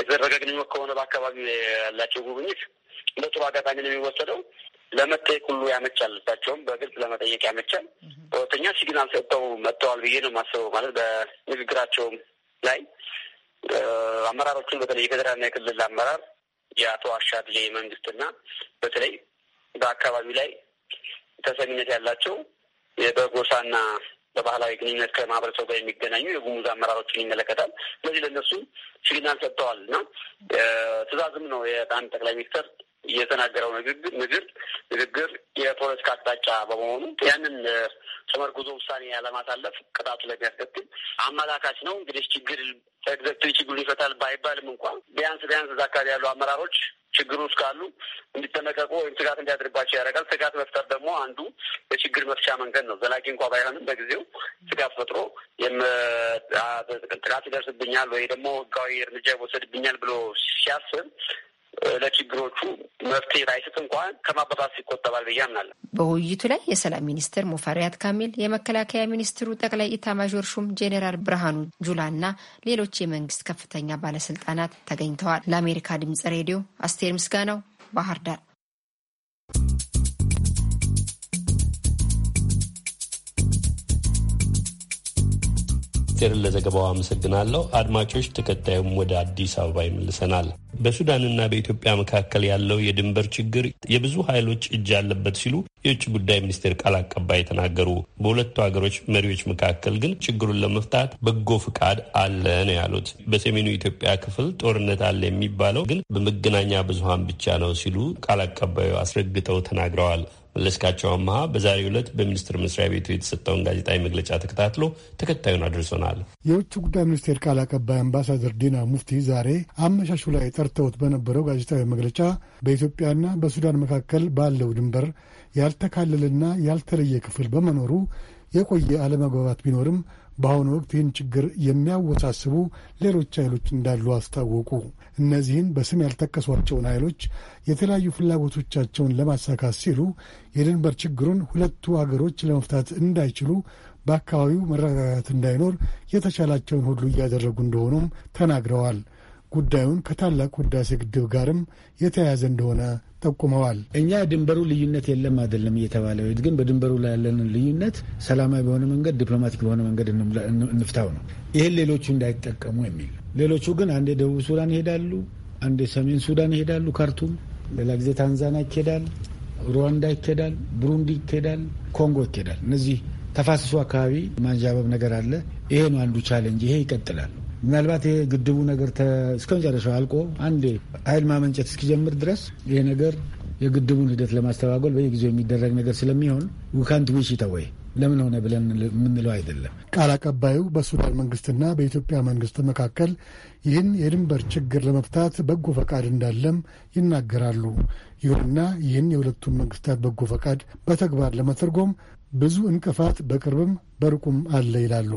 የተደረገ ግንኙነት ከሆነ በአካባቢ ያላቸው ጉብኝት እንደ ጥሩ አጋጣሚ ነው የሚወሰደው። ለመጠየቅ ሁሉ ያመቻል አለባቸውም በግልጽ ለመጠየቅ ያመቻል። ሁለተኛ ሲግናል ሰጥተው መጥተዋል ብዬ ነው የማስበው። ማለት በንግግራቸውም ላይ አመራሮችን በተለይ የፌዴራልና የክልል አመራር የአቶ አሻድሌ መንግስትና በተለይ በአካባቢው ላይ ተሰሚነት ያላቸው በጎሳና በባህላዊ ግንኙነት ከማህበረሰቡ ጋር የሚገናኙ የጉሙዝ አመራሮችን ይመለከታል። ስለዚህ ለእነሱ ሲግናል ሰጥተዋል እና ትእዛዝም ነው የአንድ ጠቅላይ ሚኒስትር የተናገረው ንግግር ንግግር የፖለቲካ አቅጣጫ በመሆኑ ያንን ተመርጉዞ ውሳኔ ያለማሳለፍ ቅጣቱ ለሚያስከትል አመላካች ነው። እንግዲህ ችግር ኤግዘክቲቭ ችግሩ ይፈታል ባይባልም እንኳን ቢያንስ ቢያንስ እዛ አካባቢ ያሉ አመራሮች ችግሩ ውስጥ ካሉ እንዲጠነቀቁ ወይም ስጋት እንዲያድርባቸው ያደርጋል። ስጋት መፍጠር ደግሞ አንዱ የችግር መፍቻ መንገድ ነው። ዘላቂ እንኳ ባይሆንም በጊዜው ስጋት ፈጥሮ ጥቃት ይደርስብኛል ወይ ደግሞ ህጋዊ እርምጃ ይወሰድብኛል ብሎ ሲያስብ ለችግሮቹ መፍትሄ ባይሰጥ እንኳን ከማባባስ ይቆጠባል ብዬ አምናለሁ። በውይይቱ ላይ የሰላም ሚኒስትር ሙፈሪያት ካሚል፣ የመከላከያ ሚኒስትሩ ጠቅላይ ኢታማዦር ሹም ጄኔራል ብርሃኑ ጁላ እና ሌሎች የመንግስት ከፍተኛ ባለስልጣናት ተገኝተዋል። ለአሜሪካ ድምጽ ሬዲዮ አስቴር ምስጋናው ባህር ዳር። ሚኒስቴርን ለዘገባው አመሰግናለሁ። አድማጮች፣ ተከታዩም ወደ አዲስ አበባ ይመልሰናል። በሱዳንና በኢትዮጵያ መካከል ያለው የድንበር ችግር የብዙ ኃይሎች እጅ ያለበት ሲሉ የውጭ ጉዳይ ሚኒስቴር ቃል አቀባይ ተናገሩ። በሁለቱ ሀገሮች መሪዎች መካከል ግን ችግሩን ለመፍታት በጎ ፍቃድ አለ ነው ያሉት። በሰሜኑ ኢትዮጵያ ክፍል ጦርነት አለ የሚባለው ግን በመገናኛ ብዙሃን ብቻ ነው ሲሉ ቃል አቀባዩ አስረግጠው ተናግረዋል። መለስካቸው አመሃ በዛሬው ዕለት በሚኒስቴር መስሪያ ቤቱ የተሰጠውን ጋዜጣዊ መግለጫ ተከታትሎ ተከታዩን አድርሶናል። የውጭ ጉዳይ ሚኒስቴር ቃል አቀባይ አምባሳደር ዲና ሙፍቲ ዛሬ አመሻሹ ላይ ጠርተውት በነበረው ጋዜጣዊ መግለጫ በኢትዮጵያና በሱዳን መካከል ባለው ድንበር ያልተካለለና ያልተለየ ክፍል በመኖሩ የቆየ አለመግባባት ቢኖርም በአሁኑ ወቅት ይህን ችግር የሚያወሳስቡ ሌሎች ኃይሎች እንዳሉ አስታወቁ። እነዚህን በስም ያልጠቀሷቸውን ኃይሎች የተለያዩ ፍላጎቶቻቸውን ለማሳካት ሲሉ የድንበር ችግሩን ሁለቱ አገሮች ለመፍታት እንዳይችሉ በአካባቢው መረጋጋት እንዳይኖር የተቻላቸውን ሁሉ እያደረጉ እንደሆኑም ተናግረዋል። ጉዳዩን ከታላቅ ህዳሴ ግድብ ጋርም የተያያዘ እንደሆነ ጠቁመዋል። እኛ ድንበሩ ልዩነት የለም አይደለም እየተባለ ግን በድንበሩ ላይ ያለንን ልዩነት ሰላማዊ በሆነ መንገድ፣ ዲፕሎማቲክ በሆነ መንገድ እንፍታው ነው። ይህን ሌሎቹ እንዳይጠቀሙ የሚል ሌሎቹ ግን አንዴ ደቡብ ሱዳን ይሄዳሉ፣ አንዴ ሰሜን ሱዳን ይሄዳሉ፣ ካርቱም ሌላ ጊዜ ታንዛኒያ ይኬዳል፣ ሩዋንዳ ይኬዳል፣ ብሩንዲ ይኬዳል፣ ኮንጎ ይኬዳል። እነዚህ ተፋሰሱ አካባቢ ማንዣበብ ነገር አለ። ይሄ ነው አንዱ ቻለንጅ ይሄ ይቀጥላል። ምናልባት ይሄ ግድቡ ነገር እስከ መጨረሻው አልቆ አንዴ ኃይል ማመንጨት እስኪጀምር ድረስ ይሄ ነገር የግድቡን ሂደት ለማስተጓጎል በየጊዜው የሚደረግ ነገር ስለሚሆን ውካንት ዊሽ ይተወይ ለምን ሆነ ብለን የምንለው አይደለም። ቃል አቀባዩ በሱዳን መንግስትና በኢትዮጵያ መንግስት መካከል ይህን የድንበር ችግር ለመፍታት በጎ ፈቃድ እንዳለም ይናገራሉ። ይሁንና ይህን የሁለቱም መንግስታት በጎ ፈቃድ በተግባር ለመተርጎም ብዙ እንቅፋት በቅርብም በርቁም አለ ይላሉ።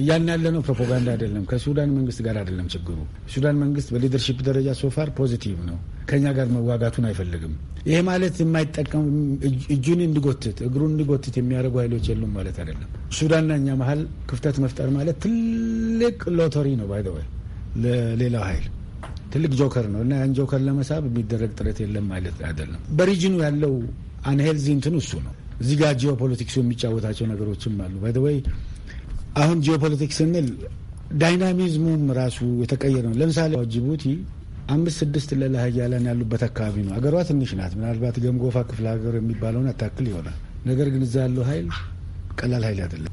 እያን ያለ ነው። ፕሮፓጋንዳ አይደለም። ከሱዳን መንግስት ጋር አይደለም ችግሩ። ሱዳን መንግስት በሊደርሺፕ ደረጃ ሶፋር ፖዚቲቭ ነው። ከኛ ጋር መዋጋቱን አይፈልግም። ይሄ ማለት የማይጠቀም እጁን እንዲጎትት እግሩን እንዲጎትት የሚያደርጉ ኃይሎች የሉም ማለት አይደለም። ሱዳንና እኛ መሀል ክፍተት መፍጠር ማለት ትልቅ ሎተሪ ነው። ባይደወይ ለሌላው ኃይል ትልቅ ጆከር ነው እና ያን ጆከር ለመሳብ የሚደረግ ጥረት የለም ማለት አይደለም። በሪጅኑ ያለው አንሄልዚ እንትን እሱ ነው። እዚህ ጋር ጂኦፖለቲክሱ የሚጫወታቸው ነገሮችም አሉ ባይደወይ አሁን ጂኦፖለቲክስ ስንል ዳይናሚዝሙም ራሱ የተቀየረ ነው። ለምሳሌ ጅቡቲ አምስት ስድስት ለላ ሀያላን ያሉበት አካባቢ ነው። አገሯ ትንሽ ናት። ምናልባት ገምጎፋ ክፍለ ሀገር የሚባለውን አታክል ይሆናል። ነገር ግን እዛ ያለው ሀይል ቀላል ሀይል አይደለም።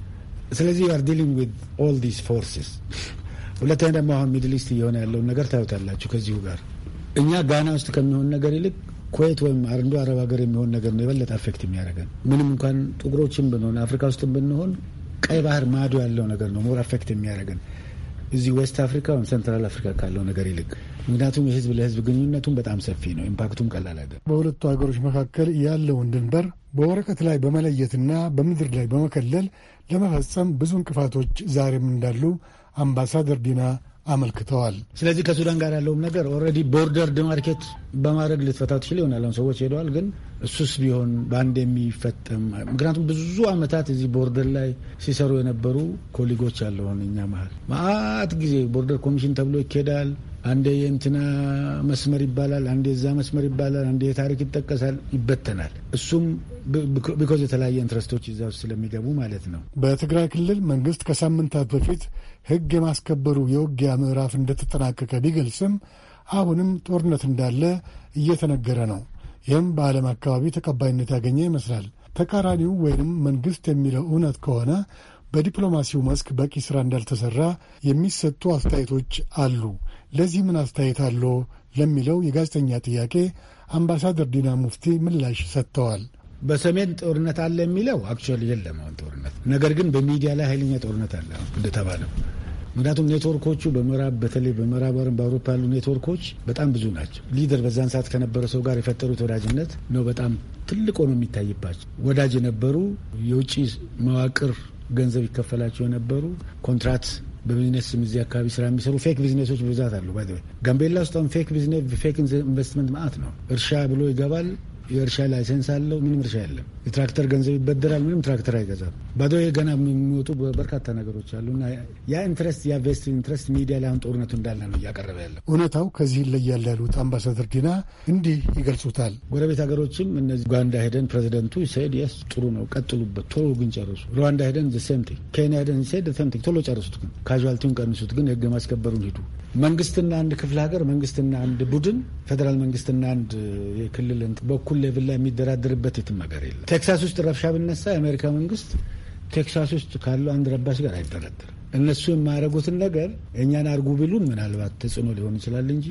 ስለዚህ ዩአር ዲሊንግ ዊዝ ኦል ዲስ ፎርስስ። ሁለተኛ ደግሞ አሁን ሚድል ኢስት እየሆነ ያለውን ነገር ታዩታላችሁ። ከዚሁ ጋር እኛ ጋና ውስጥ ከሚሆን ነገር ይልቅ ኩዌት ወይም አንዱ አረብ ሀገር የሚሆን ነገር ነው የበለጠ አፌክት የሚያደርገን። ምንም እንኳን ጥቁሮችን ብንሆን አፍሪካ ውስጥ ብንሆን ቀይ ባህር ማዶ ያለው ነገር ነው ሞር አፌክት የሚያደርገን እዚህ ዌስት አፍሪካ ወይም ሴንትራል አፍሪካ ካለው ነገር ይልቅ። ምክንያቱም የህዝብ ለህዝብ ግንኙነቱም በጣም ሰፊ ነው፣ ኢምፓክቱም ቀላል አይደለም። በሁለቱ ሀገሮች መካከል ያለውን ድንበር በወረቀት ላይ በመለየትና በምድር ላይ በመከለል ለመፈጸም ብዙ እንቅፋቶች ዛሬም እንዳሉ አምባሳደር ዲና አመልክተዋል። ስለዚህ ከሱዳን ጋር ያለውም ነገር ኦልሬዲ ቦርደር ድማርኬት በማድረግ ልትፈታ ትችል ይሆናል። ሰዎች ሄደዋል፣ ግን እሱስ ቢሆን በአንድ የሚፈጠም ምክንያቱም ብዙ አመታት እዚህ ቦርደር ላይ ሲሰሩ የነበሩ ኮሊጎች አለሆን እኛ መሀል ማአት ጊዜ ቦርደር ኮሚሽን ተብሎ ይኬዳል። አንዴ የእንትና መስመር ይባላል፣ አንዴ የዛ መስመር ይባላል፣ አንዴ የታሪክ ይጠቀሳል፣ ይበተናል። እሱም ቢኮዝ የተለያየ ኢንትረስቶች እዛ ውስጥ ስለሚገቡ ማለት ነው። በትግራይ ክልል መንግስት ከሳምንታት በፊት ህግ የማስከበሩ የውጊያ ምዕራፍ እንደተጠናቀቀ ቢገልጽም አሁንም ጦርነት እንዳለ እየተነገረ ነው። ይህም በዓለም አካባቢ ተቀባይነት ያገኘ ይመስላል። ተቃራኒው ወይንም መንግስት የሚለው እውነት ከሆነ በዲፕሎማሲው መስክ በቂ ስራ እንዳልተሰራ የሚሰጡ አስተያየቶች አሉ። ለዚህ ምን አስተያየት አለው ለሚለው የጋዜጠኛ ጥያቄ አምባሳደር ዲና ሙፍቲ ምላሽ ሰጥተዋል። በሰሜን ጦርነት አለ የሚለው አክቹዋሊ የለም አሁን ጦርነት። ነገር ግን በሚዲያ ላይ ኃይለኛ ጦርነት አለ እንደተባለው። ምክንያቱም ኔትወርኮቹ በምዕራብ በተለይ በምዕራብ በአውሮፓ ያሉ ኔትወርኮች በጣም ብዙ ናቸው። ሊደር በዛን ሰዓት ከነበረ ሰው ጋር የፈጠሩት ወዳጅነት ነው በጣም ትልቅ ሆኖ የሚታይባቸው ወዳጅ የነበሩ የውጭ መዋቅር ገንዘብ ይከፈላቸው የነበሩ ኮንትራት በቢዝነስ እዚህ አካባቢ ስራ የሚሰሩ ፌክ ቢዝነሶች ብዛት አሉ። ጋምቤላ ውስጥ ፌክ ኢንቨስትመንት ማአት ነው። እርሻ ብሎ ይገባል የእርሻ ላይሰንስ አለው። ምንም እርሻ የለም። የትራክተር ገንዘብ ይበደራል። ምንም ትራክተር አይገዛም። ባዶ ገና የሚወጡ በርካታ ነገሮች አሉ እና ያ ኢንትረስት ያ ቬስት ኢንትረስት ሚዲያ ላይ አሁን ጦርነቱ እንዳለ ነው እያቀረበ ያለው። እውነታው ከዚህ ይለያል ያሉት አምባሳደር ዲና እንዲህ ይገልጹታል። ጎረቤት ሀገሮችም እነዚህ ኡጋንዳ ሄደን ፕሬዚደንቱ ሰድ የስ ጥሩ ነው ቀጥሉበት፣ ቶሎ ግን ጨርሱ። ሩዋንዳ ሄደን ዘሴምቲንግ፣ ኬንያ ሄደን ሴድ ዘሴምቲንግ፣ ቶሎ ጨርሱት፣ ግን ካዥዋልቲውን ቀንሱት፣ ግን ህግ ማስከበሩን ሂዱ። መንግስትና አንድ ክፍለ ሀገር መንግስትና አንድ ቡድን ፌዴራል መንግስትና አንድ የክልል በኩል እኩል ሌቭል ላይ የሚደራደርበት የትም ሀገር የለም። ቴክሳስ ውስጥ ረብሻ ብነሳ የአሜሪካ መንግስት ቴክሳስ ውስጥ ካለው አንድ ረባሽ ጋር አይደራደርም። እነሱ የማያደርጉትን ነገር እኛን አርጉ ቢሉን ምናልባት ተጽዕኖ ሊሆን ይችላል እንጂ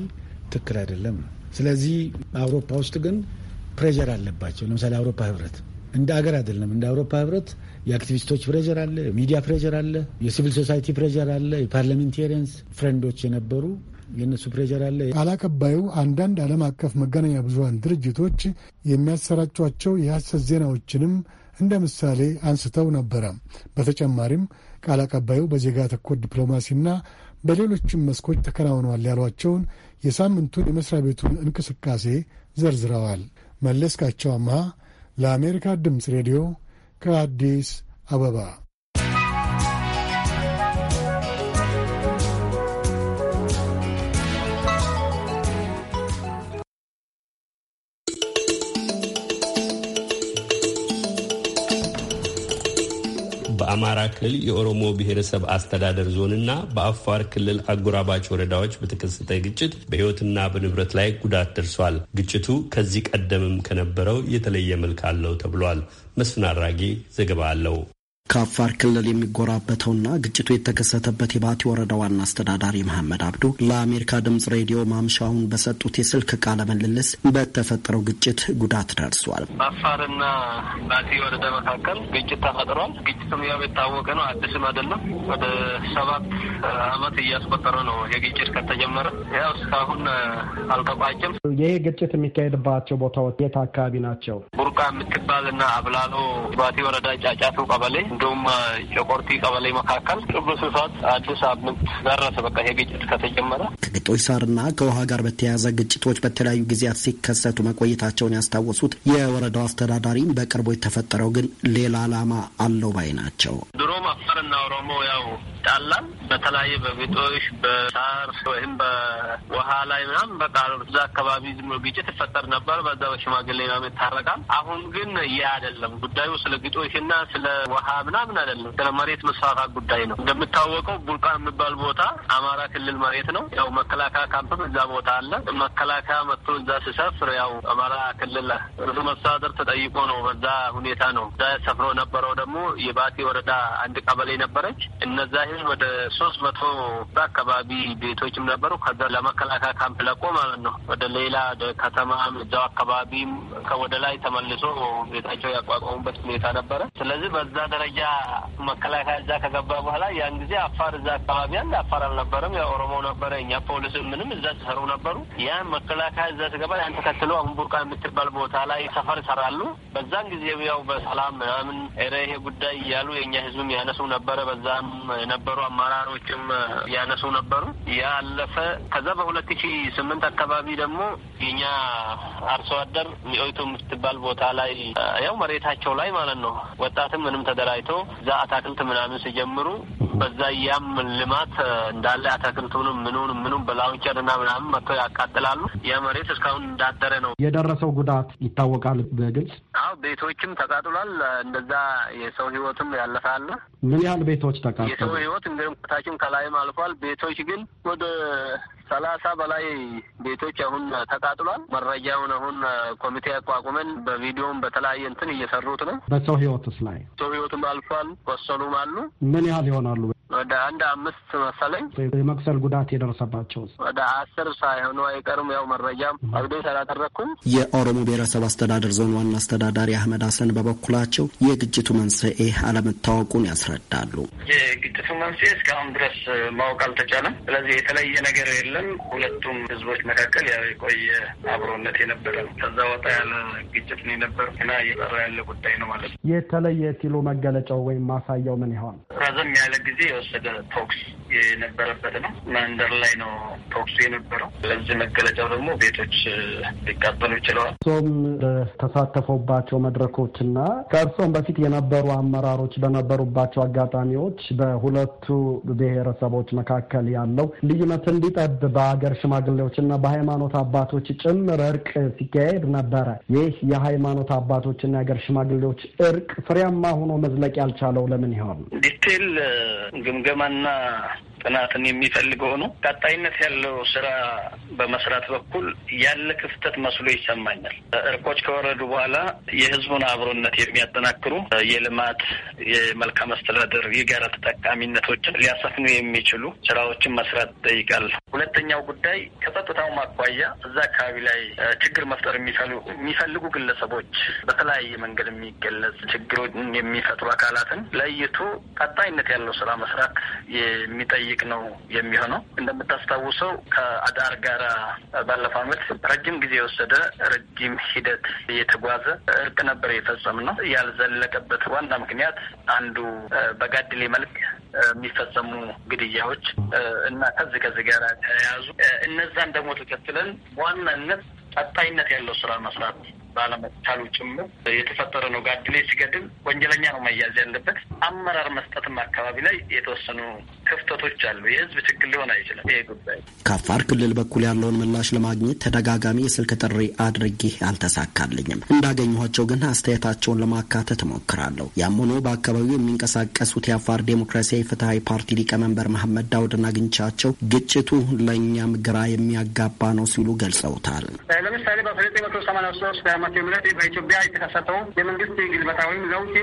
ትክክል አይደለም ነው። ስለዚህ አውሮፓ ውስጥ ግን ፕሬዠር አለባቸው። ለምሳሌ አውሮፓ ህብረት እንደ አገር አይደለም። እንደ አውሮፓ ህብረት የአክቲቪስቶች ፕሬዠር አለ፣ የሚዲያ ፕሬዠር አለ፣ የሲቪል ሶሳይቲ ፕሬዠር አለ። የፓርላሜንቴሪያንስ ፍሬንዶች የነበሩ የእነሱ ፕሬዠር አለ። ቃል አቀባዩ አንዳንድ ዓለም አቀፍ መገናኛ ብዙሀን ድርጅቶች የሚያሰራጯቸው የሐሰት ዜናዎችንም እንደ ምሳሌ አንስተው ነበረ። በተጨማሪም ቃል አቀባዩ በዜጋ ተኮር ዲፕሎማሲና በሌሎችም መስኮች ተከናውነዋል ያሏቸውን የሳምንቱን የመስሪያ ቤቱን እንቅስቃሴ ዘርዝረዋል። መለስካቸው አምሃ ለአሜሪካ ድምፅ ሬዲዮ ከአዲስ አበባ በአማራ ክልል የኦሮሞ ብሔረሰብ አስተዳደር ዞንና በአፋር ክልል አጎራባች ወረዳዎች በተከሰተ ግጭት በሕይወትና በንብረት ላይ ጉዳት ደርሷል። ግጭቱ ከዚህ ቀደምም ከነበረው የተለየ መልክ አለው ተብሏል። መስፍን አራጌ ዘገባ አለው። ከአፋር ክልል የሚጎራበተውና ግጭቱ የተከሰተበት የባቲ ወረዳ ዋና አስተዳዳሪ መሐመድ አብዱ ለአሜሪካ ድምጽ ሬዲዮ ማምሻውን በሰጡት የስልክ ቃለ ምልልስ በተፈጠረው ግጭት ጉዳት ደርሷል። በአፋርና ባቲ ወረዳ መካከል ግጭት ተፈጥሯል። ግጭቱም ያው የታወቀ ነው፣ አዲስም አይደለም። ወደ ሰባት ዓመት እያስቆጠረ ነው የግጭት ከተጀመረ ያው እስካሁን አልተቋጭም። ይህ ግጭት የሚካሄድባቸው ቦታዎች የት አካባቢ ናቸው? ቡርቃ የምትባልና አብላሎ ባቲ ወረዳ ጫጫቱ ቀበሌ እንዲሁም የቆርቲ ቀበሌ መካከል ብስሳት አዲስ አመት ደረሰ። በቃ ይሄ ግጭት ከተጀመረ ከግጦሽ ሳርና ከውሃ ጋር በተያያዘ ግጭቶች በተለያዩ ጊዜያት ሲከሰቱ መቆየታቸውን ያስታወሱት የወረዳው አስተዳዳሪም በቅርቡ የተፈጠረው ግን ሌላ ዓላማ አለው ባይ ናቸው። ድሮም አፋርና ኦሮሞ ያው ይጣላል በተለያየ በግጦሽ በሳር ወይም በውሃ ላይ ምናምን በቃ እዛ አካባቢ ዝም ግጭት ይፈጠር ነበር። በዛ በሽማግሌ ምናምን ይታረቃል። አሁን ግን ይህ አይደለም ጉዳዩ ስለ ግጦሽና ስለ ውሃ ምናምን አይደለም። ስለ መሬት መስፋፋት ጉዳይ ነው። እንደምታወቀው ቡልቃ የሚባል ቦታ አማራ ክልል መሬት ነው። ያው መከላከያ ካምፕም እዛ ቦታ አለ። መከላከያ መጥቶ እዛ ሲሰፍር ያው አማራ ክልል ብዙ መስተዳደር ተጠይቆ ነው። በዛ ሁኔታ ነው እዛ ሰፍሮ ነበረው። ደግሞ የባቲ ወረዳ አንድ ቀበሌ ነበረች። እነዛ ህዝብ ወደ ሶስት መቶ አካባቢ ቤቶችም ነበሩ። ከዛ ለመከላከያ ካምፕ ለቆ ማለት ነው ወደ ሌላ ወደ እዛው አካባቢም ከወደ ላይ ተመልሶ ቤታቸው ያቋቋሙበት ሁኔታ ነበረ። ስለዚህ በዛ ደረጃ ደረጃ መከላከያ እዛ ከገባ በኋላ ያን ጊዜ አፋር እዛ አካባቢ አንድ አፋር አልነበረም። ያው ኦሮሞ ነበረ። እኛ ፖሊስ ምንም እዛ ሲሰሩ ነበሩ። ያ መከላከያ እዛ ሲገባ ያን ተከትሎ አሁን ቡርቃ የምትባል ቦታ ላይ ሰፈር ይሰራሉ። በዛን ጊዜ ያው በሰላም ምናምን ኧረ ይሄ ጉዳይ እያሉ የእኛ ህዝብም ያነሱ ነበረ። በዛም የነበሩ አመራሮችም ያነሱ ነበሩ። ያለፈ ከዛ በሁለት ሺ ስምንት አካባቢ ደግሞ የእኛ አርሶ አደር ሚኦይቱ የምትባል ቦታ ላይ ያው መሬታቸው ላይ ማለት ነው ወጣትም ምንም ተደራጅ አይቶ እዛ አታክልት ምናምን ሲጀምሩ በዛ ያም ልማት እንዳለ አታክልቱንም ምኑን ምኑን በላውንቸርና ምናምን መጥቶ ያቃጥላሉ። ያ መሬት እስካሁን እንዳደረ ነው። የደረሰው ጉዳት ይታወቃል በግልጽ አዎ። ቤቶችም ተቃጥሏል። እንደዛ የሰው ህይወትም ያለፋል። ምን ያህል ቤቶች ተቃጥሏል? የሰው ህይወት እንግዲህ ታችም ከላይም አልፏል። ቤቶች ግን ወደ ሰላሳ በላይ ቤቶች አሁን ተቃጥሏል። መረጃውን አሁን ኮሚቴ አቋቁመን በቪዲዮም በተለያየ እንትን እየሰሩት ነው። በሰው ህይወትስ ላይ ሰው ህይወትም አልፏል። ቆሰሉም አሉ። ምን ያህል ይሆናሉ? ወደ አንድ አምስት መሰለኝ። የመቁሰል ጉዳት የደረሰባቸው ወደ አስር ሳይሆኑ አይቀርም። ያው መረጃም አብዴት አላደረግኩም። የኦሮሞ ብሔረሰብ አስተዳደር ዞን ዋና አስተዳዳሪ አህመድ ሀሰን በበኩላቸው የግጭቱ መንስኤ አለመታወቁን ያስረዳሉ። የግጭቱ መንስኤ እስካሁን ድረስ ማወቅ አልተቻለም። ስለዚህ የተለየ ነገር የለም። ሁለቱም ህዝቦች መካከል ያው የቆየ አብሮነት የነበረ ከዛ ወጣ ያለ ግጭት ነው የነበር እና እየጠራ ያለ ጉዳይ ነው ማለት ነው። የተለየ ሲሉ መገለ መግለጫው ወይም ማሳያው ምን ይሆን? ረዘም ያለ ጊዜ የወሰደ ቶክስ የነበረበት ነው። መንደር ላይ ነው ቶክሱ የነበረው። ለዚህ መገለጫው ደግሞ ቤቶች ሊቃጠሉ ይችለዋል። እርሶም ተሳተፈባቸው መድረኮች እና ከእርሶም በፊት የነበሩ አመራሮች በነበሩባቸው አጋጣሚዎች በሁለቱ ብሔረሰቦች መካከል ያለው ልዩነት እንዲጠብ በሀገር ሽማግሌዎች እና በሃይማኖት አባቶች ጭምር እርቅ ሲካሄድ ነበረ። ይህ የሃይማኖት አባቶችና የሀገር ሽማግሌዎች እርቅ ፍሬያማ ሆኖ መዝለቅ ሊጠየቅ ያልቻለው ለምን ይሆን? ዲቴል ግምገማና ጥናትን የሚፈልገው ሆኖ ቀጣይነት ያለው ስራ በመስራት በኩል ያለ ክፍተት መስሎ ይሰማኛል። እርቆች ከወረዱ በኋላ የህዝቡን አብሮነት የሚያጠናክሩ የልማት፣ የመልካም አስተዳደር፣ የጋራ ተጠቃሚነቶችን ሊያሰፍኑ የሚችሉ ስራዎችን መስራት ይጠይቃል። ሁለተኛው ጉዳይ ከጸጥታው አኳያ እዛ አካባቢ ላይ ችግር መፍጠር የሚፈልጉ ግለሰቦች በተለያየ መንገድ የሚገለጽ ችግሮችን የሚፈጥሩ አካላትን ለይቶ ቀጣይነት ያለው ስራ መስራት የሚጠይቅ የሚጠይቅ ነው የሚሆነው። እንደምታስታውሰው ከአዳር ጋር ባለፈው ዓመት ረጅም ጊዜ የወሰደ ረጅም ሂደት እየተጓዘ እርቅ ነበር የፈጸም ነው። ያልዘለቀበት ዋና ምክንያት አንዱ በጋድሌ መልክ የሚፈጸሙ ግድያዎች እና ከዚህ ከዚህ ጋር ተያያዙ። እነዛን ደግሞ ተከትለን ዋናነት ቀጣይነት ያለው ስራ መስራት ባለመቻሉ ጭምር የተፈጠረ ነው። ጋድሜ ሲገድል ወንጀለኛ ነው መያዝ ያለበት። አመራር መስጠትም አካባቢ ላይ የተወሰኑ ክፍተቶች አሉ። የህዝብ ችግር ሊሆን አይችልም ይሄ ጉዳይ። ከአፋር ክልል በኩል ያለውን ምላሽ ለማግኘት ተደጋጋሚ የስልክ ጥሪ አድርጌ አልተሳካልኝም። እንዳገኘኋቸው ግን አስተያየታቸውን ለማካተት እሞክራለሁ። ያም ሆኖ በአካባቢው የሚንቀሳቀሱት የአፋር ዴሞክራሲያዊ ፍትሀዊ ፓርቲ ሊቀመንበር መሐመድ ዳውድን አግኝቻቸው ግጭቱ ለእኛም ግራ የሚያጋባ ነው ሲሉ ገልጸውታል። ለምሳሌ በአስራ ዘጠኝ ሶስት ዓመተ ምህረት በኢትዮጵያ የተከሰተው የመንግስት ወይም ለውጥ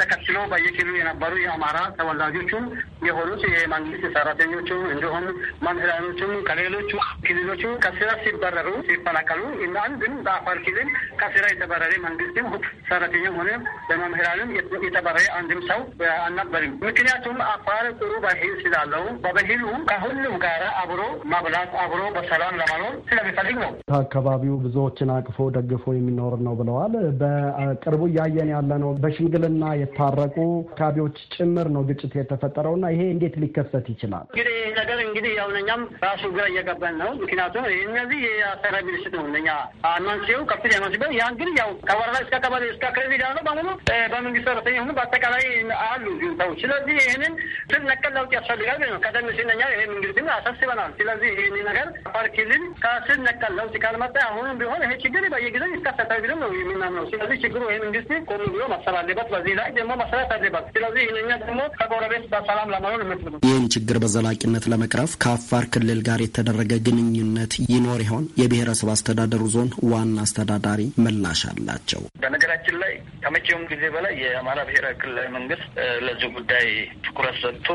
ተከትሎ በየክልሉ የነበሩ የአማራ ተወላጆቹም የሆኑት የመንግስት ሰራተኞቹ እንዲሁም መምህራኖቹም ከሌሎቹ ክልሎቹ ከስራ ሲበረሩ ሲፈናቀሉ እና አንድም በአፋር ክልል ከስራ የተበረረ መንግስትም ሰራተኛ ሆነ በመምህራንም የተበረረ አንድም ሰው አልነበርም። ምክንያቱም አፋር ጥሩ ባህል ስላለው በባህሉ ከሁሉም ጋር አብሮ ማብላት አብሮ በሰላም ለማኖር ስለሚፈልግ ነው። አካባቢው ብዙዎችን አቅፎ ደግፎ የሚኖ እየኖርን ነው ብለዋል። በቅርቡ እያየን ያለ ነው። በሽምግልና የታረቁ አካባቢዎች ጭምር ነው ግጭት የተፈጠረው እና ይሄ እንዴት ሊከሰት ይችላል? እንግዲህ ነገር እንግዲህ ያው እኛም ራሱ ግራ እየገባን ነው። ምክንያቱም እነዚህ የአሰረ ሚኒስት ነው እኛ አናንሲው ከፍተኛ ማንሲ ያን ግን ያው ከወረዳ እስከ ቀበሌ እስከ ክልል ያለው በሙሉ በመንግስት ሰራተኛ ሆኑ በአጠቃላይ አሉ ሰዎች። ስለዚህ ይህንን ስር ነቀል ለውጥ ያስፈልጋል ነው ቀደም ሲል እኛ ይሄ መንግስትም አሳስበናል። ስለዚህ ይህን ነገር ፓርክልን ከስር ነቀል ለውጥ ካልመጣ አሁንም ቢሆን ይሄ ችግር በየጊዜው ይከሰታል። ቢልም ነው የምናምነው። ስለዚህ ችግሩ ይህ መንግስት ቆም ብሎ ማሰብ አለበት፣ በዚህ ላይ ደግሞ መሰራት አለበት። ስለዚህ ደግሞ ከጎረቤት በሰላም የምትሉ ይህን ችግር በዘላቂነት ለመቅረፍ ከአፋር ክልል ጋር የተደረገ ግንኙነት ይኖር ይሆን? የብሔረሰብ አስተዳደሩ ዞን ዋና አስተዳዳሪ ምላሽ አላቸው። በነገራችን ላይ ከመቼውም ጊዜ በላይ የአማራ ብሔራዊ ክልላዊ መንግስት ለዚህ ጉዳይ ትኩረት ሰጥቶ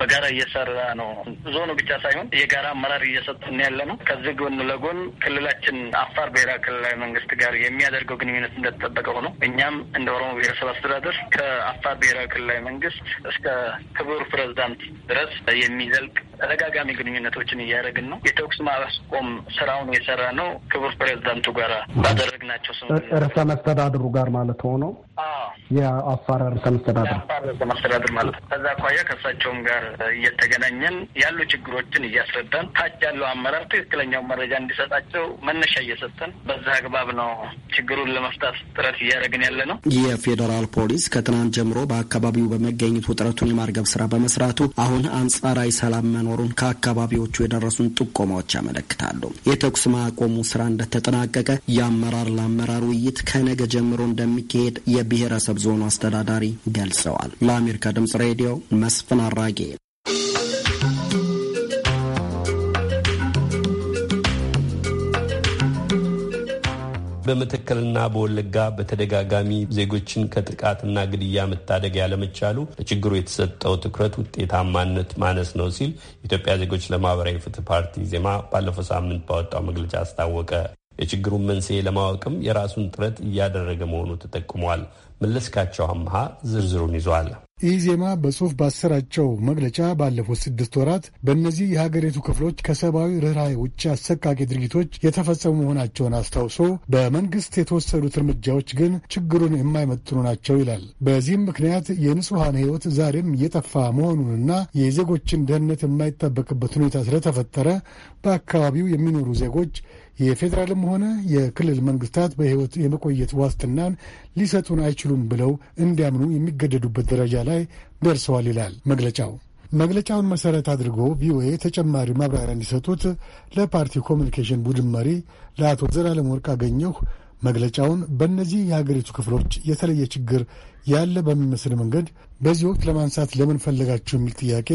በጋራ እየሰራ ነው። ዞኑ ብቻ ሳይሆን የጋራ አመራር እየሰጠን ያለ ነው። ከዚህ ጎን ለጎን ክልላችን አፋር ብሔራዊ ክልላዊ መንግስት ጋር የሚ የሚያደርገው ግንኙነት እንደተጠበቀ ሆኖ እኛም እንደ ኦሮሞ ብሔረሰብ አስተዳደር ከአፋር ብሔራዊ ክልላዊ መንግስት እስከ ክቡር ፕሬዝዳንት ድረስ የሚዘልቅ ተደጋጋሚ ግንኙነቶችን እያደረግን ነው። የተኩስ ማስቆም ስራውን የሰራ ነው ክቡር ፕሬዝዳንቱ ጋራ ባደረግናቸው ስ እርሰ መስተዳድሩ ጋር ማለት ሆኖ የአፋር እርሰ መስተዳድር የአፋር መስተዳድር ማለት ነው። ከዛ አኳያ ከእሳቸውም ጋር እየተገናኘን ያሉ ችግሮችን እያስረዳን ታች ያለው አመራር ትክክለኛው መረጃ እንዲሰጣቸው መነሻ እየሰጠን በዛ አግባብ ነው ችግሩን ለመፍታት ጥረት እያደረግን ያለ ነው። የፌዴራል ፖሊስ ከትናንት ጀምሮ በአካባቢው በመገኘት ውጥረቱን የማርገብ ስራ በመስራቱ አሁን አንጻራዊ ሰላም መኖሩን ከአካባቢዎቹ የደረሱን ጥቆማዎች ያመለክታሉ። የተኩስ ማቆሙ ስራ እንደተጠናቀቀ የአመራር ለአመራር ውይይት ከነገ ጀምሮ እንደሚካሄድ የብሔረሰብ ዞኑ አስተዳዳሪ ገልጸዋል። ለአሜሪካ ድምጽ ሬዲዮ መስፍን አራጌ በመተከልና በወለጋ በተደጋጋሚ ዜጎችን ከጥቃትና ግድያ መታደግ ያለመቻሉ ለችግሩ የተሰጠው ትኩረት ውጤታማነት ማነስ ነው ሲል የኢትዮጵያ ዜጎች ለማህበራዊ ፍትህ ፓርቲ ዜማ ባለፈው ሳምንት ባወጣው መግለጫ አስታወቀ። የችግሩን መንስኤ ለማወቅም የራሱን ጥረት እያደረገ መሆኑ ተጠቁሟል። መለስካቸው አምሃ ዝርዝሩን ይዟል። ኢዜማ በጽሑፍ ባሰራጨው መግለጫ ባለፉት ስድስት ወራት በእነዚህ የሀገሪቱ ክፍሎች ከሰብአዊ ርኅራኄ ውጭ አሰቃቂ ድርጊቶች የተፈጸሙ መሆናቸውን አስታውሶ በመንግስት የተወሰዱት እርምጃዎች ግን ችግሩን የማይመጥኑ ናቸው ይላል። በዚህም ምክንያት የንጹሐን ሕይወት ዛሬም እየጠፋ መሆኑንና የዜጎችን ደህንነት የማይጠበቅበት ሁኔታ ስለተፈጠረ በአካባቢው የሚኖሩ ዜጎች የፌዴራልም ሆነ የክልል መንግስታት በሕይወት የመቆየት ዋስትናን ሊሰጡን አይችሉም ብለው እንዲያምኑ የሚገደዱበት ደረጃ ላይ ደርሰዋል ይላል መግለጫው። መግለጫውን መሰረት አድርጎ ቪኦኤ ተጨማሪ ማብራሪያ እንዲሰጡት ለፓርቲው ኮሚኒኬሽን ቡድን መሪ ለአቶ ዘላለም ወርቅ አገኘሁ መግለጫውን በእነዚህ የሀገሪቱ ክፍሎች የተለየ ችግር ያለ በሚመስል መንገድ በዚህ ወቅት ለማንሳት ለምን ፈለጋችሁ የሚል ጥያቄ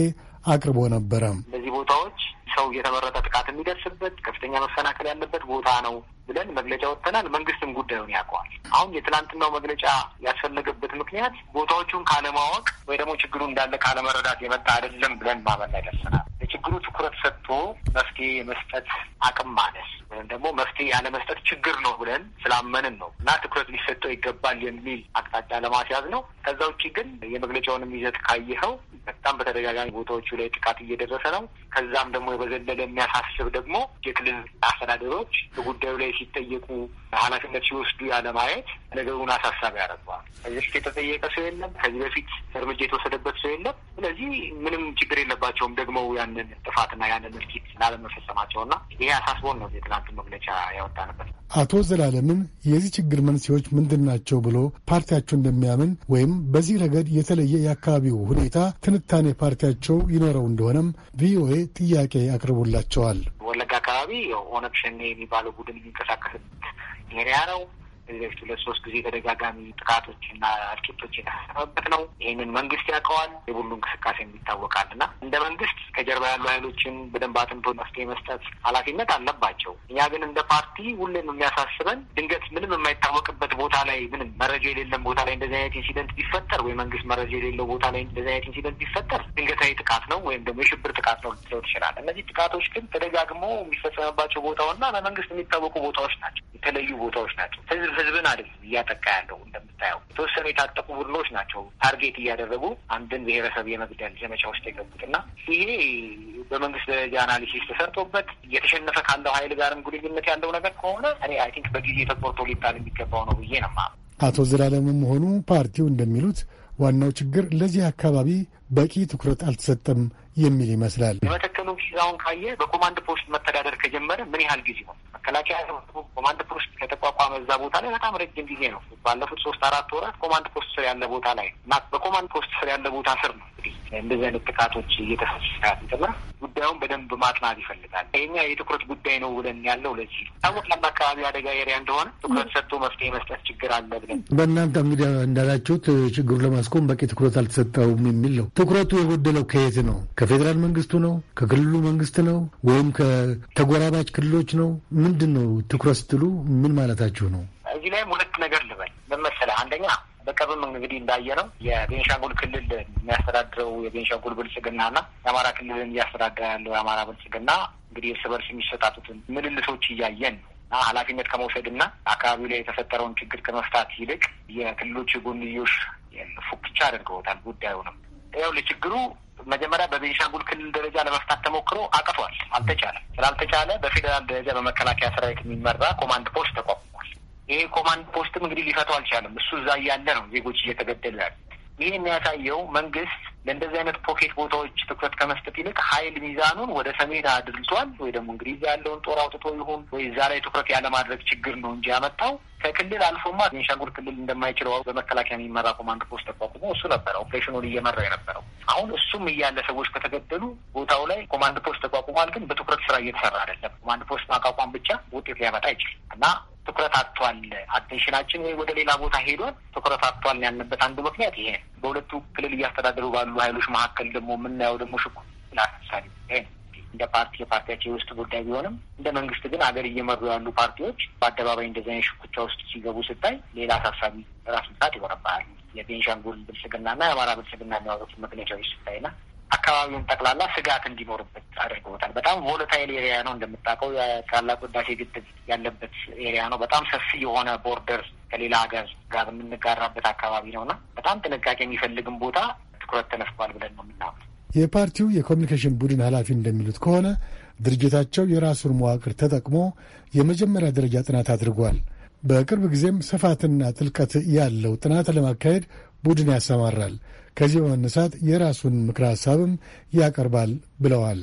አቅርቦ ነበረ። እነዚህ ቦታዎች ሰው የተመረጠ ጥቃት የሚደርስበት ከፍተኛ መፈናቀል ያለበት ቦታ ነው ብለን መግለጫ ወጥተናል። መንግስትም ጉዳዩን ያውቀዋል። አሁን የትናንትናው መግለጫ ያስፈለገበት ምክንያት ቦታዎቹን ካለማወቅ ወይ ደግሞ ችግሩ እንዳለ ካለመረዳት የመጣ አይደለም ብለን ማመን ላይ ደርሰናል። ለችግሩ ትኩረት ሰጥቶ መፍትሄ የመስጠት አቅም ማነስ ወይም ደግሞ መፍትሄ ያለመስጠት ችግር ነው ብለን ስላመንን ነው እና ትኩረት ሊሰጠው ይገባል የሚል አቅጣጫ ለማስያዝ ነው። ከዛ ውጭ ግን የመግለጫውንም ይዘት ካየኸው በጣም በተደጋጋሚ ቦታዎቹ ላይ ጥቃት እየደረሰ ነው። ከዛም ደግሞ የበዘለለ የሚያሳስብ ደግሞ የክልል አስተዳደሮች በጉዳዩ ላይ ሲጠየቁ ኃላፊነት ሲወስዱ ያለማየት ነገሩን አሳሳቢ ያደርገዋል። ከዚህ በፊት የተጠየቀ ሰው የለም። ከዚህ በፊት እርምጃ የተወሰደበት ሰው የለም። ስለዚህ ምንም ችግር የለባቸውም ደግሞ ያንን ጥፋትና ያንን ምልኪት ላለመፈጸማቸውና ይሄ አሳስቦን ነው የትናንቱ መግለጫ ያወጣንበት። አቶ ዘላለምም የዚህ ችግር መንስኤዎች ምንድን ናቸው ብሎ ፓርቲያቸው እንደሚያምን ወይም በዚህ ረገድ የተለየ የአካባቢው ሁኔታ ትንታኔ ፓርቲያቸው ይኖረው እንደሆነም ቪኦኤ ጥያቄ አቅርቦላቸዋል። አካባቢ ኦነግ ሸኔ የሚባለው ቡድን የሚንቀሳቀስበት ኤሪያ ነው። ከዚህ በፊት ሁለት ሶስት ጊዜ ተደጋጋሚ ጥቃቶች እና እልቂቶች የተፈጸመበት ነው። ይህንን መንግስት ያውቀዋል። የቡሉ እንቅስቃሴ ይታወቃል እና እንደ መንግስት ከጀርባ ያሉ ኃይሎችን በደንብ አጥንቶ መፍትሄ መስጠት ኃላፊነት አለባቸው። እኛ ግን እንደ ፓርቲ ሁሌም የሚያሳስበን ድንገት ምንም የማይታወቅበት ቦታ ላይ ምንም መረጃ የሌለን ቦታ ላይ እንደዚህ አይነት ኢንሲደንት ቢፈጠር ወይ መንግስት መረጃ የሌለው ቦታ ላይ እንደዚህ አይነት ኢንሲደንት ቢፈጠር ድንገታዊ ጥቃት ነው ወይም ደግሞ የሽብር ጥቃት ነው ልትለው ትችላል። እነዚህ ጥቃቶች ግን ተደጋግሞ የሚፈጸምባቸው ቦታውና በመንግስት የሚታወቁ ቦታዎች ናቸው። የተለዩ ቦታዎች ናቸው። ህዝብ ህዝብን አይደለም እያጠቃ ያለው እንደምታየው የተወሰኑ የታጠቁ ቡድኖች ናቸው ታርጌት እያደረጉ አንድን ብሔረሰብ የመግደል ዘመቻ ውስጥ የገቡት እና ይሄ በመንግስት ደረጃ አናሊሲስ ተሰርቶበት እየተሸነፈ ካለው ሀይል ጋርም ግንኙነት ያለው ነገር ከሆነ እኔ አይ ቲንክ በጊዜ ተቆርጦ ሊጣል የሚገባው ነው ብዬ ነማ አቶ ዘላለምም ሆኑ ፓርቲው እንደሚሉት ዋናው ችግር ለዚህ አካባቢ በቂ ትኩረት አልተሰጠም የሚል ይመስላል። የመተከሉን ኪዛውን ካየ በኮማንድ ፖስት መተዳደር ከጀመረ ምን ያህል ጊዜ ነው? መከላከያ ኮማንድ ፖስት ከተቋቋመ እዛ ቦታ ላይ በጣም ረጅም ጊዜ ነው። ባለፉት ሶስት አራት ወራት ኮማንድ ፖስት ስር ያለ ቦታ ላይ በኮማንድ ፖስት ስር ያለ ቦታ ስር ነው እንግዲህ እንደዚህ አይነት ጥቃቶች እየተፈሰና ጉዳዩን በደንብ ማጥናት ይፈልጋል። ይህኛ የትኩረት ጉዳይ ነው ብለን ያለው ለዚህ ነው። ታወቃም አካባቢ አደጋ ኤሪያ እንደሆነ ትኩረት ሰጥቶ መፍትሄ መስጠት ችግር አለ ብለን በእናንተ እንግዲህ እንዳላችሁት ችግሩ ለማስቆም በቂ ትኩረት አልተሰጠውም የሚል ነው። ትኩረቱ የጎደለው ከየት ነው? ከፌዴራል መንግስቱ ነው? ከክልሉ መንግስት ነው? ወይም ከተጎራባች ክልሎች ነው? ምንድን ነው ትኩረት ስትሉ ምን ማለታችሁ ነው? እዚህ ላይም ሁለት ነገር ልበል መመሰለህ አንደኛ በቅርብም እንግዲህ እንዳየነው የቤንሻንጉል ክልል የሚያስተዳድረው የቤንሻንጉል ብልጽግናና የአማራ ክልልን እያስተዳደረ ያለው የአማራ ብልጽግና እንግዲህ እርስ በርስ የሚሰጣጡትን ምልልሶች እያየን ነው ኃላፊነት ከመውሰድና አካባቢው ላይ የተፈጠረውን ችግር ከመፍታት ይልቅ የክልሎች የጎንዮሽ ፉክቻ አድርገውታል። ጉዳዩንም ያው ለችግሩ መጀመሪያ በቤንሻንጉል ክልል ደረጃ ለመፍታት ተሞክሮ አቅቷል፣ አልተቻለም። ስላልተቻለ በፌዴራል ደረጃ በመከላከያ ሰራዊት የሚመራ ኮማንድ ፖስት ተቋቁሟል። ይሄ ኮማንድ ፖስትም እንግዲህ ሊፈተው አልቻለም። እሱ እዛ እያለ ነው ዜጎች እየተገደሉ ይህ የሚያሳየው መንግስት ለእንደዚህ አይነት ፖኬት ቦታዎች ትኩረት ከመስጠት ይልቅ ኃይል ሚዛኑን ወደ ሰሜን አድልቷል። ወይ ደግሞ እንግዲህ እዛ ያለውን ጦር አውጥቶ ይሁን ወይ እዛ ላይ ትኩረት ያለማድረግ ችግር ነው እንጂ ያመጣው ከክልል አልፎማ ቤንሻንጉል ክልል እንደማይችለው በመከላከያ የሚመራ ኮማንድ ፖስት ተቋቁሞ እሱ ነበረ ኦፕሬሽኑን እየመራ የነበረው። አሁን እሱም እያለ ሰዎች ከተገደሉ ቦታው ላይ ኮማንድ ፖስት ተቋቁሟል፣ ግን በትኩረት ስራ እየተሰራ አይደለም። ኮማንድ ፖስት ማቋቋም ብቻ ውጤት ሊያመጣ አይችልም እና ትኩረት አጥቷል። አቴንሽናችን ወይ ወደ ሌላ ቦታ ሄዷል። ትኩረት አጥቷል ያልንበት አንዱ ምክንያት ይሄ በሁለቱ ክልል እያስተዳደሩ ባሉ ባሉ ሀይሎች መካከል ደግሞ የምናየው ደግሞ ሽኩል ላሳሪ እንደ ፓርቲ የፓርቲያቸው የውስጥ ጉዳይ ቢሆንም እንደ መንግስት ግን አገር እየመሩ ያሉ ፓርቲዎች በአደባባይ እንደዚህ አይነት ሽኩቻ ውስጥ ሲገቡ ስታይ ሌላ አሳሳቢ ራስ ምታት ይሆንብሃል። የቤንሻንጉል ብልጽግናና የአማራ ብልጽግና የሚያወጡት መግለጫዎች ስታይና አካባቢውን ጠቅላላ ስጋት እንዲኖርበት አድርገውታል። በጣም ቮለታይል ኤሪያ ነው እንደምታውቀው፣ የታላቁ ህዳሴ ግድብ ያለበት ኤሪያ ነው። በጣም ሰፊ የሆነ ቦርደር ከሌላ ሀገር ጋር የምንጋራበት አካባቢ ነው በጣም ጥንቃቄ የሚፈልግም ቦታ ትኩረት ተነፍጓል ብለን ነው የምናምነው። የፓርቲው የኮሚኒኬሽን ቡድን ኃላፊ እንደሚሉት ከሆነ ድርጅታቸው የራሱን መዋቅር ተጠቅሞ የመጀመሪያ ደረጃ ጥናት አድርጓል። በቅርብ ጊዜም ስፋትና ጥልቀት ያለው ጥናት ለማካሄድ ቡድን ያሰማራል። ከዚህ በመነሳት የራሱን ምክረ ሐሳብም ያቀርባል ብለዋል።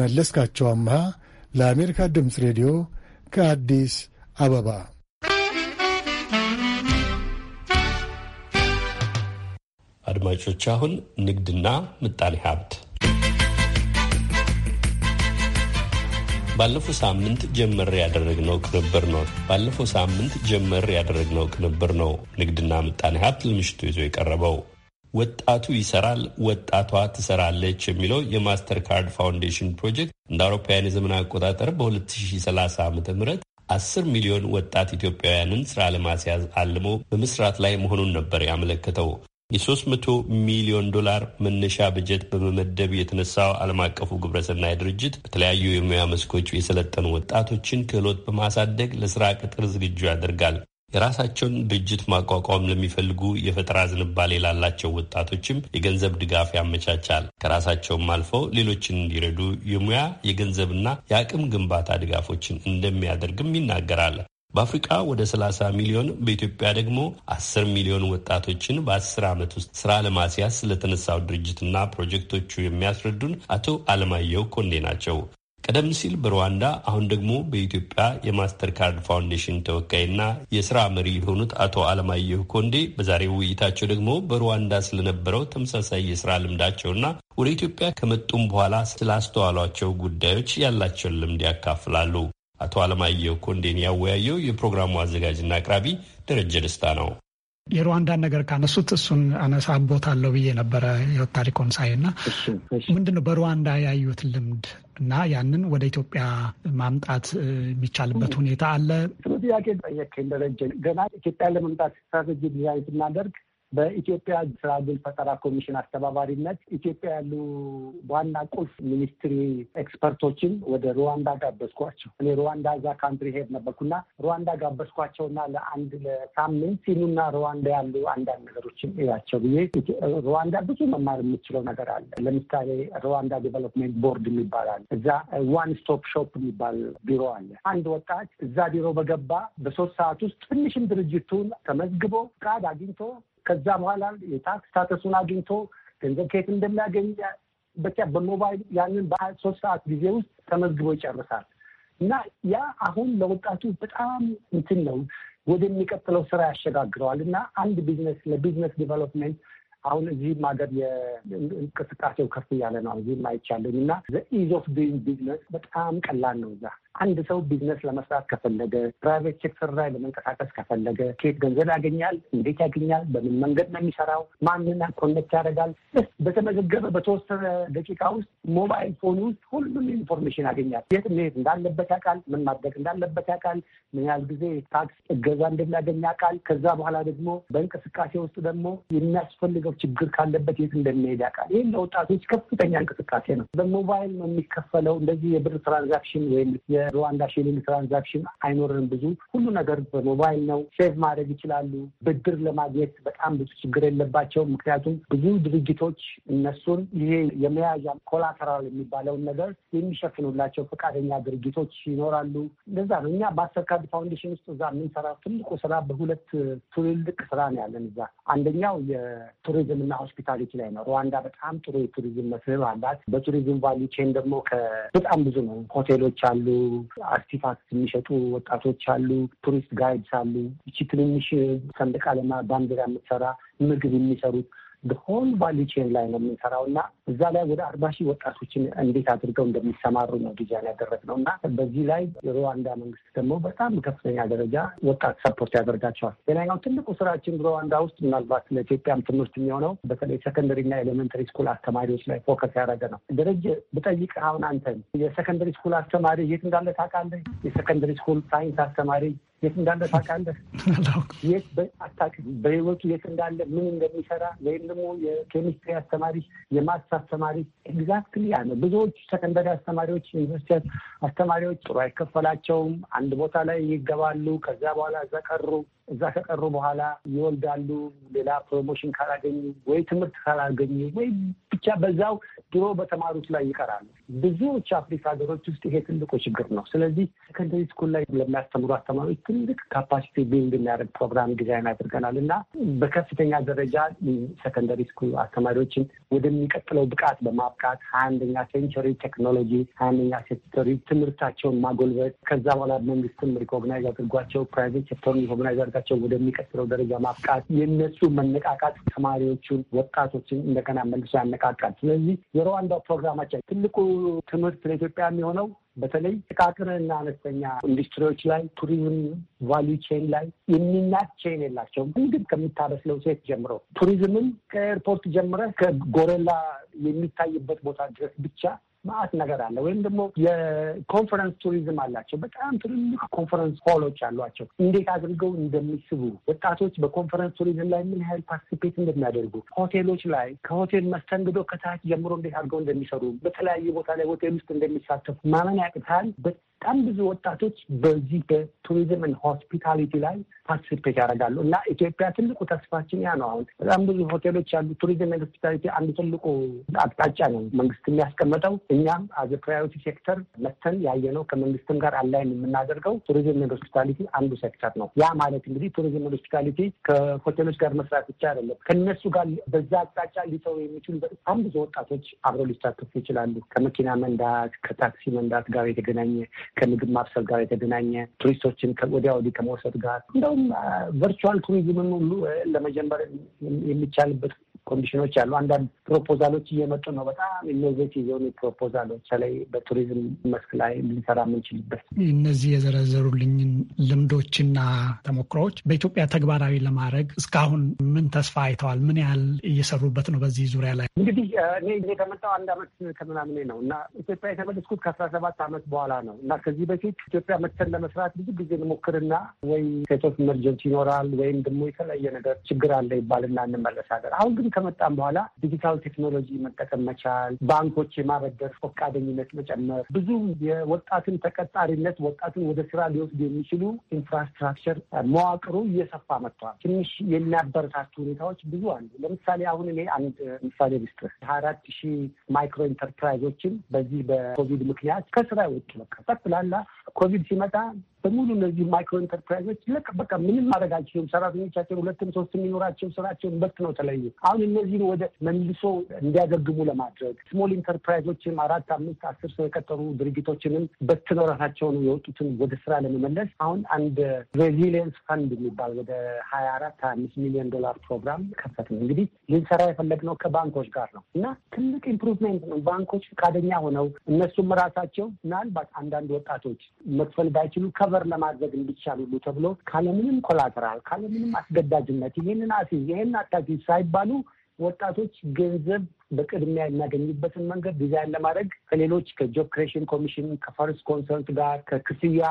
መለስካቸው አምሃ ለአሜሪካ ድምፅ ሬዲዮ ከአዲስ አበባ አድማጮች፣ አሁን ንግድና ምጣኔ ሀብት ባለፈው ሳምንት ጀመር ያደረግነው ቅንብር ነው። ባለፈው ሳምንት ጀመር ያደረግነው ቅንብር ነው። ንግድና ምጣኔ ሀብት ለምሽቱ ይዞ የቀረበው ወጣቱ ይሰራል፣ ወጣቷ ትሰራለች የሚለው የማስተር ካርድ ፋውንዴሽን ፕሮጀክት እንደ አውሮፓውያን የዘመን አቆጣጠር በ2030 ዓ ም 10 ሚሊዮን ወጣት ኢትዮጵያውያንን ስራ ለማስያዝ አልሞ በመስራት ላይ መሆኑን ነበር ያመለከተው። የ300 ሚሊዮን ዶላር መነሻ በጀት በመመደብ የተነሳው ዓለም አቀፉ ግብረሰናይ ድርጅት በተለያዩ የሙያ መስኮች የሰለጠኑ ወጣቶችን ክህሎት በማሳደግ ለስራ ቅጥር ዝግጁ ያደርጋል። የራሳቸውን ድርጅት ማቋቋም ለሚፈልጉ የፈጠራ ዝንባሌ ላላቸው ወጣቶችም የገንዘብ ድጋፍ ያመቻቻል። ከራሳቸውም አልፈው ሌሎችን እንዲረዱ የሙያ የገንዘብና የአቅም ግንባታ ድጋፎችን እንደሚያደርግም ይናገራል። በአፍሪቃ ወደ 30 ሚሊዮን በኢትዮጵያ ደግሞ 10 ሚሊዮን ወጣቶችን በ10 ዓመት ውስጥ ስራ ለማስያዝ ስለተነሳው ድርጅትና ፕሮጀክቶቹ የሚያስረዱን አቶ አለማየሁ ኮንዴ ናቸው። ቀደም ሲል በሩዋንዳ አሁን ደግሞ በኢትዮጵያ የማስተር ካርድ ፋውንዴሽን ተወካይና የስራ መሪ የሆኑት አቶ አለማየሁ ኮንዴ በዛሬው ውይይታቸው ደግሞ በሩዋንዳ ስለነበረው ተመሳሳይ የስራ ልምዳቸውና ወደ ኢትዮጵያ ከመጡም በኋላ ስላስተዋሏቸው ጉዳዮች ያላቸውን ልምድ ያካፍላሉ። አቶ አለማየሁ ኮንዴን ያወያየው የፕሮግራሙ አዘጋጅና አቅራቢ ደረጀ ደስታ ነው። የሩዋንዳን ነገር ካነሱት እሱን አነሳ ቦታ አለው ብዬ ነበረ የወታሪኮን ሳይ እና ምንድነው በሩዋንዳ ያዩት ልምድ እና ያንን ወደ ኢትዮጵያ ማምጣት የሚቻልበት ሁኔታ አለ። ጥሩ ጥያቄ ጠየቀኝ ደረጀ። ገና ኢትዮጵያ ለመምጣት ስትራቴጂ ዲዛይን ስናደርግ በኢትዮጵያ ስራ ዕድል ፈጠራ ኮሚሽን አስተባባሪነት ኢትዮጵያ ያሉ ዋና ቁልፍ ሚኒስትሪ ኤክስፐርቶችን ወደ ሩዋንዳ ጋበዝኳቸው። እኔ ሩዋንዳ እዛ ካንትሪ ሄድ ነበርኩና ሩዋንዳ ጋበዝኳቸውና ለአንድ ለሳምንት ሲኑና ሩዋንዳ ያሉ አንዳንድ ነገሮችን እያቸው ብዬ ሩዋንዳ ብዙ መማር የምችለው ነገር አለ። ለምሳሌ ሩዋንዳ ዴቨሎፕሜንት ቦርድ የሚባል አለ። እዛ ዋን ስቶፕ ሾፕ የሚባል ቢሮ አለ። አንድ ወጣት እዛ ቢሮ በገባ በሶስት ሰዓት ውስጥ ትንሽም ድርጅቱን ተመዝግቦ ቃድ አግኝቶ ከዛ በኋላ የታክስ ስታተሱን አግኝቶ ገንዘብ ከየት እንደሚያገኝ በቃ በሞባይል ያንን በሶስት ሰዓት ጊዜ ውስጥ ተመዝግቦ ይጨርሳል። እና ያ አሁን ለወጣቱ በጣም እንትን ነው ወደሚቀጥለው ስራ ያሸጋግረዋል። እና አንድ ቢዝነስ ለቢዝነስ ዲቨሎፕመንት አሁን እዚህም ሀገር የእንቅስቃሴው ከፍ እያለ ነው። እዚህም አይቻለኝ እና ኢዝ ኦፍ ዱይንግ ቢዝነስ በጣም ቀላል ነው እዛ አንድ ሰው ቢዝነስ ለመስራት ከፈለገ ፕራይቬት ሴክተር ላይ ለመንቀሳቀስ ከፈለገ ኬት ገንዘብ ያገኛል? እንዴት ያገኛል? በምን መንገድ ነው የሚሰራው? ማንና ኮኔክት ያደርጋል? በተመዘገበ በተወሰነ ደቂቃ ውስጥ ሞባይል ፎን ውስጥ ሁሉም ኢንፎርሜሽን ያገኛል። የት መሄድ እንዳለበት ያውቃል። ምን ማድረግ እንዳለበት ያውቃል። ምን ያህል ጊዜ ታክስ እገዛ እንደሚያገኝ ያውቃል። ከዛ በኋላ ደግሞ በእንቅስቃሴ ውስጥ ደግሞ የሚያስፈልገው ችግር ካለበት የት እንደሚሄድ ያውቃል። ይህም ለወጣቶች ከፍተኛ እንቅስቃሴ ነው። በሞባይል ነው የሚከፈለው። እንደዚህ የብር ትራንዛክሽን ወይም የሩዋንዳ ሺሊንግ ትራንዛክሽን አይኖርንም። ብዙ ሁሉ ነገር በሞባይል ነው። ሴቭ ማድረግ ይችላሉ። ብድር ለማግኘት በጣም ብዙ ችግር የለባቸውም። ምክንያቱም ብዙ ድርጅቶች እነሱን ይሄ የመያዣ ኮላተራል የሚባለውን ነገር የሚሸፍኑላቸው ፈቃደኛ ድርጅቶች ይኖራሉ። እንደዛ ነው። እኛ በአስተርካርድ ፋውንዴሽን ውስጥ እዛ የምንሰራ ትልቁ ስራ በሁለት ትልልቅ ስራ ነው ያለን እዛ። አንደኛው የቱሪዝም እና ሆስፒታሊቲ ላይ ነው። ሩዋንዳ በጣም ጥሩ የቱሪዝም መስህብ አላት። በቱሪዝም ቫሊዩ ደግሞ በጣም ብዙ ነው። ሆቴሎች አሉ፣ አርቲፋክት የሚሸጡ ወጣቶች አሉ፣ ቱሪስት ጋይድስ አሉ። ይቺ ትንንሽ ሰንደቅ ዓላማ ባንዲራ የምትሰራ ምግብ የሚሰሩት በሆን ቫሊ ቼን ላይ ነው የምንሰራው እና እዛ ላይ ወደ አርባ ሺህ ወጣቶችን እንዴት አድርገው እንደሚሰማሩ ነው ዲዛይን ያደረግነው እና በዚህ ላይ ሩዋንዳ መንግስት ደግሞ በጣም ከፍተኛ ደረጃ ወጣት ሰፖርት ያደርጋቸዋል። ሌላኛው ትልቁ ስራችን ሩዋንዳ ውስጥ ምናልባት ለኢትዮጵያም ትምህርት የሚሆነው በተለይ ሰከንደሪ እና ኤሌመንተሪ ስኩል አስተማሪዎች ላይ ፎከስ ያደረገ ነው። ደረጀ ብጠይቅ አሁን አንተን የሰከንደሪ ስኩል አስተማሪ የት እንዳለ ታውቃለህ? የሰከንደሪ ስኩል ሳይንስ አስተማሪ የት እንዳለ ታውቃለህ? የት አታውቅም። በህይወቱ የት እንዳለ ምን እንደሚሰራ ወይም ደግሞ የኬሚስትሪ አስተማሪ፣ የማስ አስተማሪ ኤግዛክትሊ ያ ነው። ብዙዎች ሰከንደሪ አስተማሪዎች፣ ዩኒቨርሲቲ አስተማሪዎች ጥሩ አይከፈላቸውም። አንድ ቦታ ላይ ይገባሉ። ከዚያ በኋላ እዛ ቀሩ። እዛ ከቀሩ በኋላ ይወልዳሉ። ሌላ ፕሮሞሽን ካላገኙ ወይ ትምህርት ካላገኙ ወይ ብቻ በዛው ድሮ በተማሩት ላይ ይቀራሉ። ብዙዎች አፍሪካ ሀገሮች ውስጥ ይሄ ትልቁ ችግር ነው። ስለዚህ ሰከንደሪ ስኩል ላይ ለሚያስተምሩ አስተማሪዎች ትልቅ ካፓሲቲ ቢልድ የሚያደርግ ፕሮግራም ዲዛይን አድርገናል እና በከፍተኛ ደረጃ ሰከንደሪ ስኩል አስተማሪዎችን ወደሚቀጥለው ብቃት በማብቃት ሀያ አንደኛ ሴንቸሪ ቴክኖሎጂ፣ ሀያ አንደኛ ሴንቸሪ ትምህርታቸውን ማጎልበት ከዛ በኋላ መንግስትም ሪኮግናይዝ አድርጓቸው ፕራይቬት ሴክተርን ሪኮግናይዝ ራሳቸው ወደሚቀጥለው ደረጃ ማብቃት የእነሱ መነቃቃት ተማሪዎቹን፣ ወጣቶችን እንደገና መልሶ ያነቃቃል። ስለዚህ የሩዋንዳው ፕሮግራማችን ትልቁ ትምህርት ለኢትዮጵያ የሚሆነው በተለይ እና አነስተኛ ኢንዱስትሪዎች ላይ ቱሪዝም ቫሉ ቼን ላይ የሚናት ቼን የላቸውም። ምግብ ከምታበስለው ሴት ጀምሮ ቱሪዝምን ከኤርፖርት ጀምረ ከጎረላ የሚታይበት ቦታ ድረስ ብቻ ማአት ነገር አለ። ወይም ደግሞ የኮንፈረንስ ቱሪዝም አላቸው። በጣም ትልልቅ ኮንፈረንስ ሆሎች አሏቸው። እንዴት አድርገው እንደሚስቡ ወጣቶች በኮንፈረንስ ቱሪዝም ላይ ምን ያህል ፓርቲሲፔት እንደሚያደርጉ ሆቴሎች ላይ ከሆቴል መስተንግዶ ከታች ጀምሮ እንዴት አድርገው እንደሚሰሩ በተለያየ ቦታ ላይ ሆቴል ውስጥ እንደሚሳተፉ ማመን ያቅታል። በጣም ብዙ ወጣቶች በዚህ በቱሪዝም ሆስፒታሊቲ ላይ ፓርቲስፔት ያደርጋሉ እና ኢትዮጵያ ትልቁ ተስፋችን ያ ነው። አሁን በጣም ብዙ ሆቴሎች ያሉ ቱሪዝም ሆስፒታሊቲ አንዱ ትልቁ አቅጣጫ ነው መንግስት የሚያስቀምጠው። እኛም አዘ ፕራዮሪቲ ሴክተር መተን ያየ ነው ከመንግስትም ጋር አላይን የምናደርገው ቱሪዝም ሆስፒታሊቲ አንዱ ሴክተር ነው። ያ ማለት እንግዲህ ቱሪዝም ሆስፒታሊቲ ከሆቴሎች ጋር መስራት ብቻ አይደለም። ከነሱ ጋር በዛ አቅጣጫ ሊሰሩ የሚችሉ በጣም ብዙ ወጣቶች አብረው ሊሳተፉ ይችላሉ። ከመኪና መንዳት ከታክሲ መንዳት ጋር የተገናኘ ከምግብ ማብሰል ጋር የተገናኘ ቱሪስቶችን ወዲያ ወዲህ ከመውሰድ ጋር እንደውም ቨርቹዋል ቱሪዝምን ሁሉ ለመጀመር የሚቻልበት ኮንዲሽኖች አሉ። አንዳንድ ፕሮፖዛሎች እየመጡ ነው። በጣም ኢኖቬቲቭ የሆኑ ፕሮፖዛሎች በተለይ በቱሪዝም መስክ ላይ ልንሰራ የምንችልበት እነዚህ የዘረዘሩልኝን ልምዶችና ተሞክሮዎች በኢትዮጵያ ተግባራዊ ለማድረግ እስካሁን ምን ተስፋ አይተዋል? ምን ያህል እየሰሩበት ነው? በዚህ ዙሪያ ላይ እንግዲህ እኔ የተመጣው አንድ አመት ከምናምን ነው እና ኢትዮጵያ የተመለስኩት ከአስራ ሰባት አመት በኋላ ነው እና ከዚህ በፊት ኢትዮጵያ መተን ለመስራት ብዙ ጊዜ እንሞክርና ወይ ሴቶች ኢመርጀንሲ ይኖራል ወይም ደግሞ የተለያየ ነገር ችግር አለ ይባልና እንመለሳለን። አሁን ግን ከመጣም በኋላ ዲጂታል ቴክኖሎጂ መጠቀም መቻል፣ ባንኮች የማበደር ፈቃደኝነት መጨመር፣ ብዙ የወጣትን ተቀጣሪነት ወጣትን ወደ ስራ ሊወስዱ የሚችሉ ኢንፍራስትራክቸር መዋቅሩ እየሰፋ መጥተዋል። ትንሽ የሚያበረታቱ ሁኔታዎች ብዙ አሉ። ለምሳሌ አሁን እኔ አንድ ምሳሌ ልስጥ። ሀያ አራት ሺህ ማይክሮ ኢንተርፕራይዞችን በዚህ በኮቪድ ምክንያት ከስራ ይወጡ በቃ ጠቅላላ ኮቪድ ሲመጣ በሙሉ እነዚህ ማይክሮ ኢንተርፕራይዞች ለቅ በቃ ምንም ማድረግ አልችሉም። ሰራተኞቻቸውን ሁለትም ሶስት የሚኖራቸው ስራቸውን በት ነው ተለዩ። አሁን እነዚህን ወደ መልሶ እንዲያገግሙ ለማድረግ ስሞል ኢንተርፕራይዞችም አራት አምስት አስር ሰው የቀጠሩ ድርጅቶችንም በትነው ራሳቸውን የወጡትን ወደ ስራ ለመመለስ አሁን አንድ ሬዚሊየንስ ፈንድ የሚባል ወደ ሀያ አራት ሀያ አምስት ሚሊዮን ዶላር ፕሮግራም ከፈት ነው። እንግዲህ ልንሰራ የፈለግነው ከባንኮች ጋር ነው እና ትልቅ ኢምፕሩቭመንት ነው። ባንኮች ፈቃደኛ ሆነው እነሱም ራሳቸው ምናልባት አንዳንድ ወጣቶች መክፈል ባይችሉ ከበ ከቨር ለማድረግ እንዲቻል ሁሉ ተብሎ ካለምንም ኮላተራል ካለምንም አስገዳጅነት ይሄንን አስይዝ ይሄንን አታስይዝ ሳይባሉ ወጣቶች ገንዘብ በቅድሚያ የሚያገኙበትን መንገድ ዲዛይን ለማድረግ ከሌሎች ከጆብ ክሬሽን ኮሚሽን ከፈርስ ኮንሰርት ጋር ከክፍያ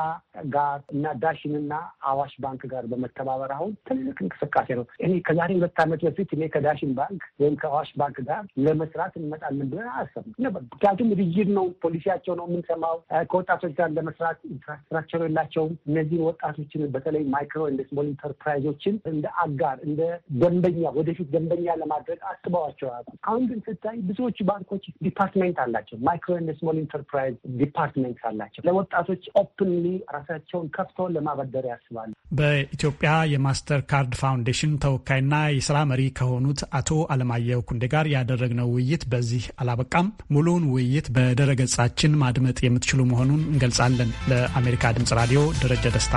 ጋር እና ዳሽን እና አዋሽ ባንክ ጋር በመተባበር አሁን ትልቅ እንቅስቃሴ ነው። እኔ ከዛሬ ሁለት ዓመት በፊት እኔ ከዳሽን ባንክ ወይም ከአዋሽ ባንክ ጋር ለመስራት እንመጣለን ብለን አሰብ ምክንያቱም ድይር ነው ፖሊሲያቸው ነው የምንሰማው። ከወጣቶች ጋር ለመስራት ኢንፍራስትራክቸር የላቸውም። እነዚህን ወጣቶችን በተለይ ማይክሮ እንደ ስሞል ኢንተርፕራይዞችን እንደ አጋር እንደ ደንበኛ ወደፊት ደንበኛ ለማድረግ አስበዋቸው አሁን ግን ስታይ ብዙዎቹ ባንኮች ዲፓርትሜንት አላቸው። ማይክሮን ስሞል ኢንተርፕራይዝ ዲፓርትሜንት አላቸው። ለወጣቶች ኦፕንሊ ራሳቸውን ከፍተው ለማበደር ያስባሉ። በኢትዮጵያ የማስተር ካርድ ፋውንዴሽን ተወካይና የስራ መሪ ከሆኑት አቶ አለማየሁ ኩንዴ ጋር ያደረግነው ውይይት በዚህ አላበቃም። ሙሉውን ውይይት በድረገጻችን ማድመጥ የምትችሉ መሆኑን እንገልጻለን። ለአሜሪካ ድምጽ ራዲዮ ደረጀ ደስታ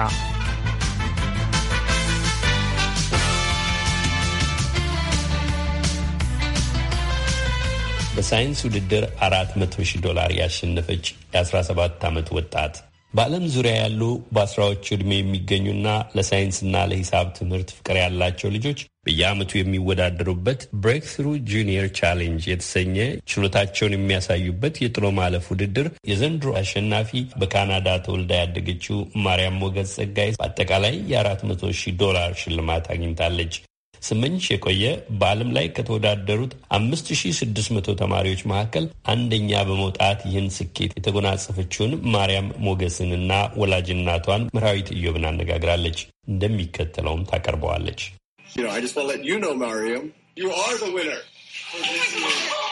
በሳይንስ ውድድር 400 ሺህ ዶላር ያሸነፈች የ17 ዓመት ወጣት በዓለም ዙሪያ ያሉ በአስራዎቹ ዕድሜ የሚገኙና ለሳይንስና ለሂሳብ ትምህርት ፍቅር ያላቸው ልጆች በየዓመቱ የሚወዳደሩበት ብሬክትሩ ጁኒየር ቻሌንጅ የተሰኘ ችሎታቸውን የሚያሳዩበት የጥሎ ማለፍ ውድድር የዘንድሮ አሸናፊ በካናዳ ተወልዳ ያደገችው ማርያም ሞገዝ ጸጋይ በአጠቃላይ የ400 ሺህ ዶላር ሽልማት አግኝታለች። ስምንሽ የቆየ በዓለም ላይ ከተወዳደሩት 5600 ተማሪዎች መካከል አንደኛ በመውጣት ይህን ስኬት የተጎናጸፈችውን ማርያም ሞገስንና ወላጅ ወላጅናቷን ምራዊት እዮብን አነጋግራለች። እንደሚከተለውም ታቀርበዋለች።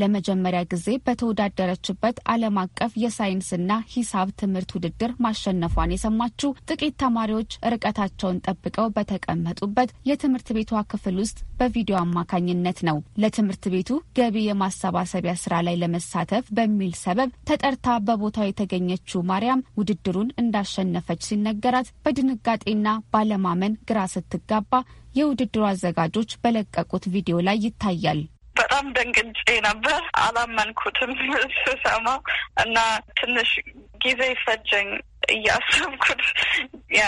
ለመጀመሪያ ጊዜ በተወዳደረችበት ዓለም አቀፍ የሳይንስና ሂሳብ ትምህርት ውድድር ማሸነፏን የሰማችው ጥቂት ተማሪዎች ርቀታቸውን ጠብቀው በተቀመጡበት የትምህርት ቤቷ ክፍል ውስጥ በቪዲዮ አማካኝነት ነው። ለትምህርት ቤቱ ገቢ የማሰባሰቢያ ስራ ላይ ለመሳተፍ በሚል ሰበብ ተጠርታ በቦታው የተገኘችው ማርያም ውድድሩን እንዳሸነፈች ሲነገራት በድንጋጤና ባለማመን ግራ ስትጋባ የውድድሩ አዘጋጆች በለቀቁት ቪዲዮ ላይ ይታያል። በጣም ደንግጬ ነበር። አላመንኩትም ስሰማው እና ትንሽ ጊዜ ፈጀኝ እያሰብኩት። ያ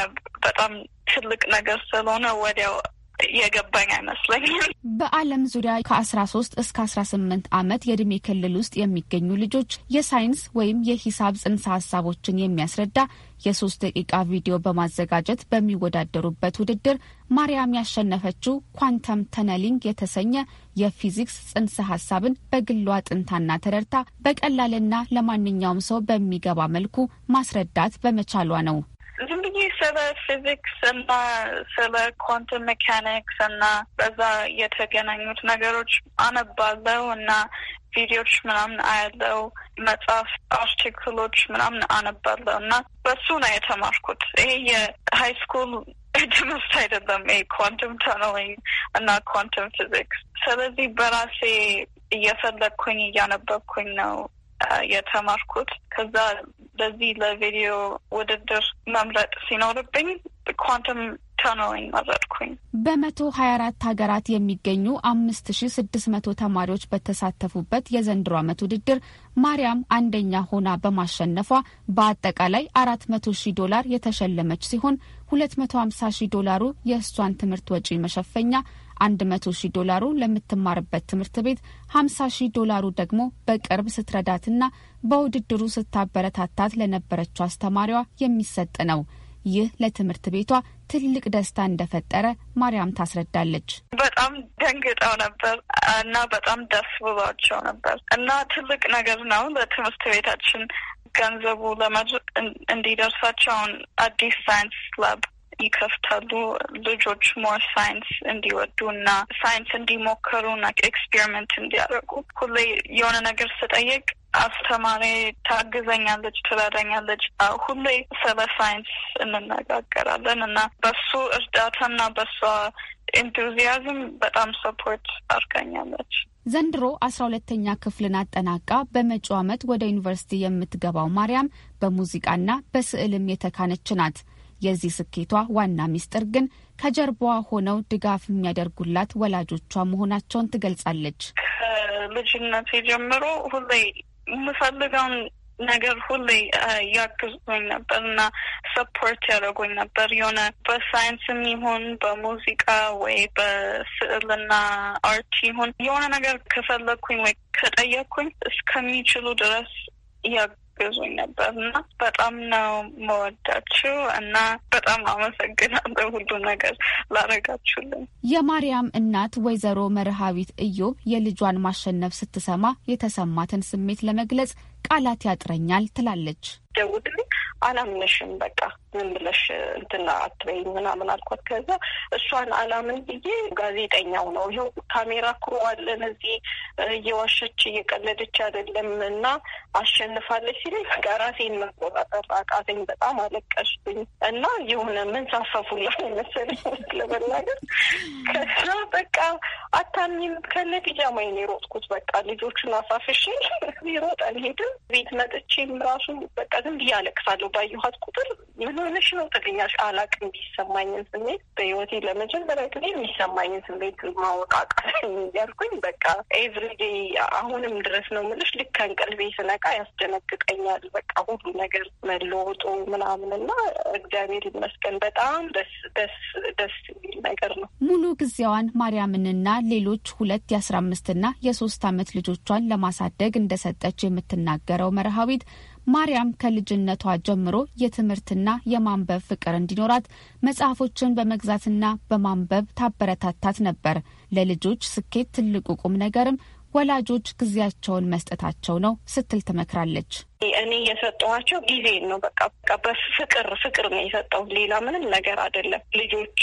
በጣም ትልቅ ነገር ስለሆነ ወዲያው የገባኝ አይመስለኝም። በዓለም ዙሪያ ከአስራ ሶስት እስከ አስራ ስምንት ዓመት የእድሜ ክልል ውስጥ የሚገኙ ልጆች የሳይንስ ወይም የሂሳብ ጽንሰ ሀሳቦችን የሚያስረዳ የሶስት ደቂቃ ቪዲዮ በማዘጋጀት በሚወዳደሩበት ውድድር ማርያም ያሸነፈችው ኳንተም ተነሊንግ የተሰኘ የፊዚክስ ጽንሰ ሀሳብን በግሏ ጥንታና ተረድታ በቀላልና ለማንኛውም ሰው በሚገባ መልኩ ማስረዳት በመቻሏ ነው። ዝም ብዬ ስለ ፊዚክስ እና ስለ ኳንተም ሜካኒክስ እና በዛ የተገናኙት ነገሮች አነባለው እና ቪዲዮች ምናምን አያለው፣ መጽሐፍ አርቲክሎች ምናምን አነባለው እና በሱ ነው የተማርኩት። ይሄ የሃይ ስኩል ትምህርት አይደለም። ይሄ ኳንተም ተነሊንግ እና ኳንተም ፊዚክስ። ስለዚህ በራሴ እየፈለግኩኝ እያነበብኩኝ ነው የተማርኩት። ከዛ ለዚህ ለቪዲዮ ውድድር መምረጥ ሲኖርብኝ ኳንተም ተነወኝ መረጥኩኝ። በመቶ ሀያ አራት ሀገራት የሚገኙ አምስት ሺ ስድስት መቶ ተማሪዎች በተሳተፉበት የዘንድሮ ዓመት ውድድር ማርያም አንደኛ ሆና በማሸነፏ በአጠቃላይ አራት መቶ ሺ ዶላር የተሸለመች ሲሆን ሁለት መቶ ሀምሳ ሺ ዶላሩ የእሷን ትምህርት ወጪ መሸፈኛ አንድ ሺ ዶላሩ ለምትማርበት ትምህርት ቤት 50 ሺ ዶላሩ ደግሞ በቅርብ ስትረዳትና በውድድሩ ስታበረታታት ለነበረችው አስተማሪዋ የሚሰጥ ነው። ይህ ለትምህርት ቤቷ ትልቅ ደስታ እንደፈጠረ ማርያም ታስረዳለች። በጣም ደንግጠው ነበር እና በጣም ደስ ብሏቸው ነበር እና ትልቅ ነገር ነው ለትምህርት ቤታችን ገንዘቡ ለመድረስ እንዲደርሳቸውን አዲስ ሳይንስ ላብ ይከፍታሉ። ልጆች ሞር ሳይንስ እንዲወዱ እና ሳይንስ እንዲሞከሩ እና ኤክስፔሪመንት እንዲያደርጉ ሁሌ የሆነ ነገር ስጠይቅ አስተማሪ ታግዘኛለች፣ ትረዳኛለች። ሁሌ ስለ ሳይንስ እንነጋገራለን እና በሱ እርዳታና በሷ ኢንቱዚያዝም በጣም ሰፖርት አድርጋኛለች። ዘንድሮ አስራ ሁለተኛ ክፍልን አጠናቃ በመጪው ዓመት ወደ ዩኒቨርሲቲ የምትገባው ማርያም በሙዚቃና በስዕልም የተካነች ናት። የዚህ ስኬቷ ዋና ሚስጥር ግን ከጀርባዋ ሆነው ድጋፍ የሚያደርጉላት ወላጆቿ መሆናቸውን ትገልጻለች። ከልጅነት ጀምሮ ሁሌ የምፈልገውን ነገር ሁሌ ያግዙኝ ነበር እና ሰፖርት ያደርጉኝ ነበር። የሆነ በሳይንስም ይሁን በሙዚቃ ወይ በስዕልና አርት ይሁን የሆነ ነገር ከፈለግኩኝ ወይ ከጠየቅኩኝ እስከሚችሉ ድረስ አግዞኝ ነበር እና በጣም ነው መወዳችሁ እና በጣም አመሰግናለሁ ሁሉ ነገር ላረጋችሁልን። የማርያም እናት ወይዘሮ መርሃዊት እዮብ የልጇን ማሸነፍ ስትሰማ የተሰማትን ስሜት ለመግለጽ ቃላት ያጥረኛል ትላለች። ደውድ አላምንሽም፣ በቃ ምን ብለሽ እንትና አትበይ ምናምን አልኳት። ከዛ እሷን አላምን ብዬ ጋዜጠኛው ነው ይኸው ካሜራ ክሮዋል እነዚህ እየዋሸች እየቀለደች አይደለም እና አሸንፋለች ሲለኝ በቃ ራሴን መቆጣጠር አቃተኝ። በጣም አለቀሽብኝ እና የሆነ ሳፈፉላ መሰለኝ ለመናገር ከዛ በቃ አታሚም ከነ ፒጃማዬን የሮጥኩት በቃ ልጆቹን አሳፍሼ ሮጠን ሄድን። ቤት መጥቼም ራሱ በቃ ዝም ብዬ አለቅሳለሁ ባየኋት ቁጥር ምን ሆነሽ ነው ጥልኛሽ አላቅም የሚሰማኝን ስሜት በህይወቴ ለመጀመሪያ ጊዜ የሚሰማኝን ስሜት ማወቃቀል እያልኩኝ በቃ ኤቭሪዴ አሁንም ድረስ ነው ምልሽ ልክ ከእንቅልቤ ስነቃ ያስደነግጠኛል። በቃ ሁሉ ነገር መለወጡ ምናምን እና እግዚአብሔር ይመስገን በጣም ደስ ደስ ደስ የሚል ነገር ነው። ሙሉ ጊዜዋን ማርያምንና ሌሎች ሁለት የአስራ አምስትና የሶስት አመት ልጆቿን ለማሳደግ እንደሰጠች የምትናገረው መርሃዊት ማርያም ከልጅነቷ ጀምሮ የትምህርትና የማንበብ ፍቅር እንዲኖራት መጽሐፎችን በመግዛትና በማንበብ ታበረታታት ነበር። ለልጆች ስኬት ትልቁ ቁም ነገርም ወላጆች ጊዜያቸውን መስጠታቸው ነው ስትል ትመክራለች። እኔ እየሰጠኋቸው ጊዜ ነው። በቃ በፍቅር ፍቅር ነው የሰጠው፣ ሌላ ምንም ነገር አይደለም። ልጆች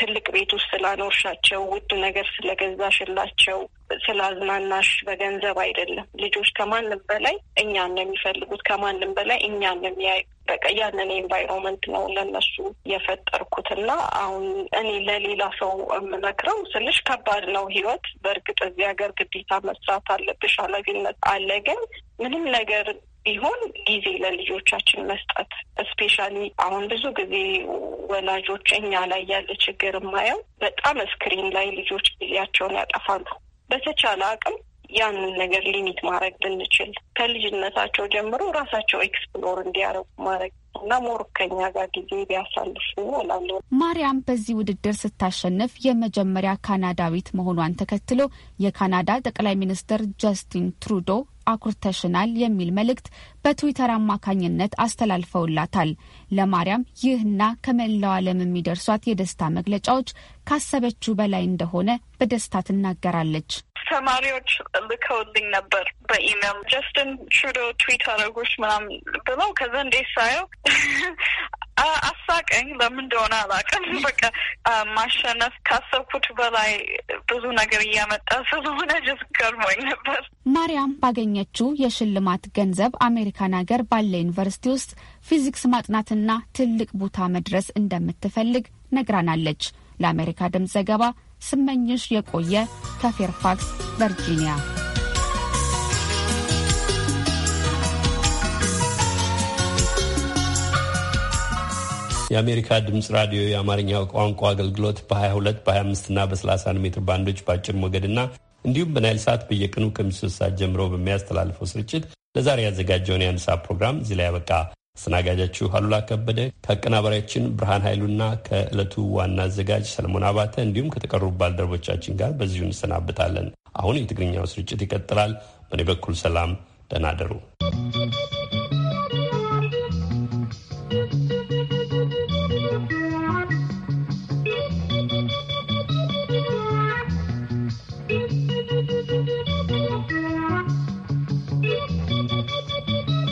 ትልቅ ቤት ውስጥ ስላኖርሻቸው፣ ውድ ነገር ስለገዛሽላቸው፣ ስላዝናናሽ በገንዘብ አይደለም። ልጆች ከማንም በላይ እኛን ነው የሚፈልጉት፣ ከማንም በላይ እኛን ነው የሚያዩ። በቃ ያንን ኤንቫይሮንመንት ነው ለነሱ የፈጠርኩት እና አሁን እኔ ለሌላ ሰው የምመክረው ስልሽ ከባድ ነው ህይወት። በእርግጥ እዚህ ሀገር ግዴታ መስራት አለብሽ፣ ኃላፊነት አለ። ግን ምንም ነገር ቢሆን ጊዜ ለልጆቻችን መስጠት እስፔሻሊ አሁን ብዙ ጊዜ ወላጆች እኛ ላይ ያለ ችግር የማየው በጣም ስክሪን ላይ ልጆች ጊዜያቸውን ያጠፋሉ። በተቻለ አቅም ያንን ነገር ሊሚት ማድረግ ብንችል ከልጅነታቸው ጀምሮ ራሳቸው ኤክስፕሎር እንዲያደርጉ ማድረግ እና ሞር ከኛ ጋር ጊዜ ቢያሳልፉ እላለሁ። ማርያም በዚህ ውድድር ስታሸንፍ የመጀመሪያ ካናዳዊት መሆኗን ተከትሎ የካናዳ ጠቅላይ ሚኒስትር ጀስቲን ትሩዶ አኩርተሽናል የሚል መልእክት በትዊተር አማካኝነት አስተላልፈውላታል። ለማርያም ይህና ከመላው ዓለም የሚደርሷት የደስታ መግለጫዎች ካሰበችው በላይ እንደሆነ በደስታ ትናገራለች። ተማሪዎች ልከውልኝ ነበር በኢሜል ጀስትን ትሩዶ ትዊት አደረጎች ምናምን ብለው ከዛ እንዴት ሳየው አሳቀኝ። ለምን እንደሆነ አላውቅም። በቃ ማሸነፍ ካሰብኩት በላይ ብዙ ነገር እያመጣ ስለሆነ ጅስ ገርሞኝ ነበር። ማርያም ባገኘችው የሽልማት ገንዘብ አሜሪካን ሀገር ባለ ዩኒቨርሲቲ ውስጥ ፊዚክስ ማጥናትና ትልቅ ቦታ መድረስ እንደምትፈልግ ነግራናለች። ለአሜሪካ ድምፅ ዘገባ ስመኝሽ የቆየ ከፌርፋክስ ቨርጂኒያ የአሜሪካ ድምጽ ራዲዮ የአማርኛው ቋንቋ አገልግሎት በ22 በ25 እና በ31 ሜትር ባንዶች በአጭር ሞገድና እንዲሁም በናይል ሰዓት በየቀኑ ከምሽቱ ሶስት ሰዓት ጀምሮ በሚያስተላልፈው ስርጭት ለዛሬ ያዘጋጀውን የአንድ ሰዓት ፕሮግራም እዚህ ላይ ያበቃ። አስተናጋጃችሁ አሉላ ከበደ ከአቀናባሪያችን ብርሃን ኃይሉና ከዕለቱ ዋና አዘጋጅ ሰለሞን አባተ እንዲሁም ከተቀሩ ባልደረቦቻችን ጋር በዚሁ እንሰናብታለን። አሁን የትግርኛው ስርጭት ይቀጥላል። በእኔ በኩል ሰላም፣ ደህና you.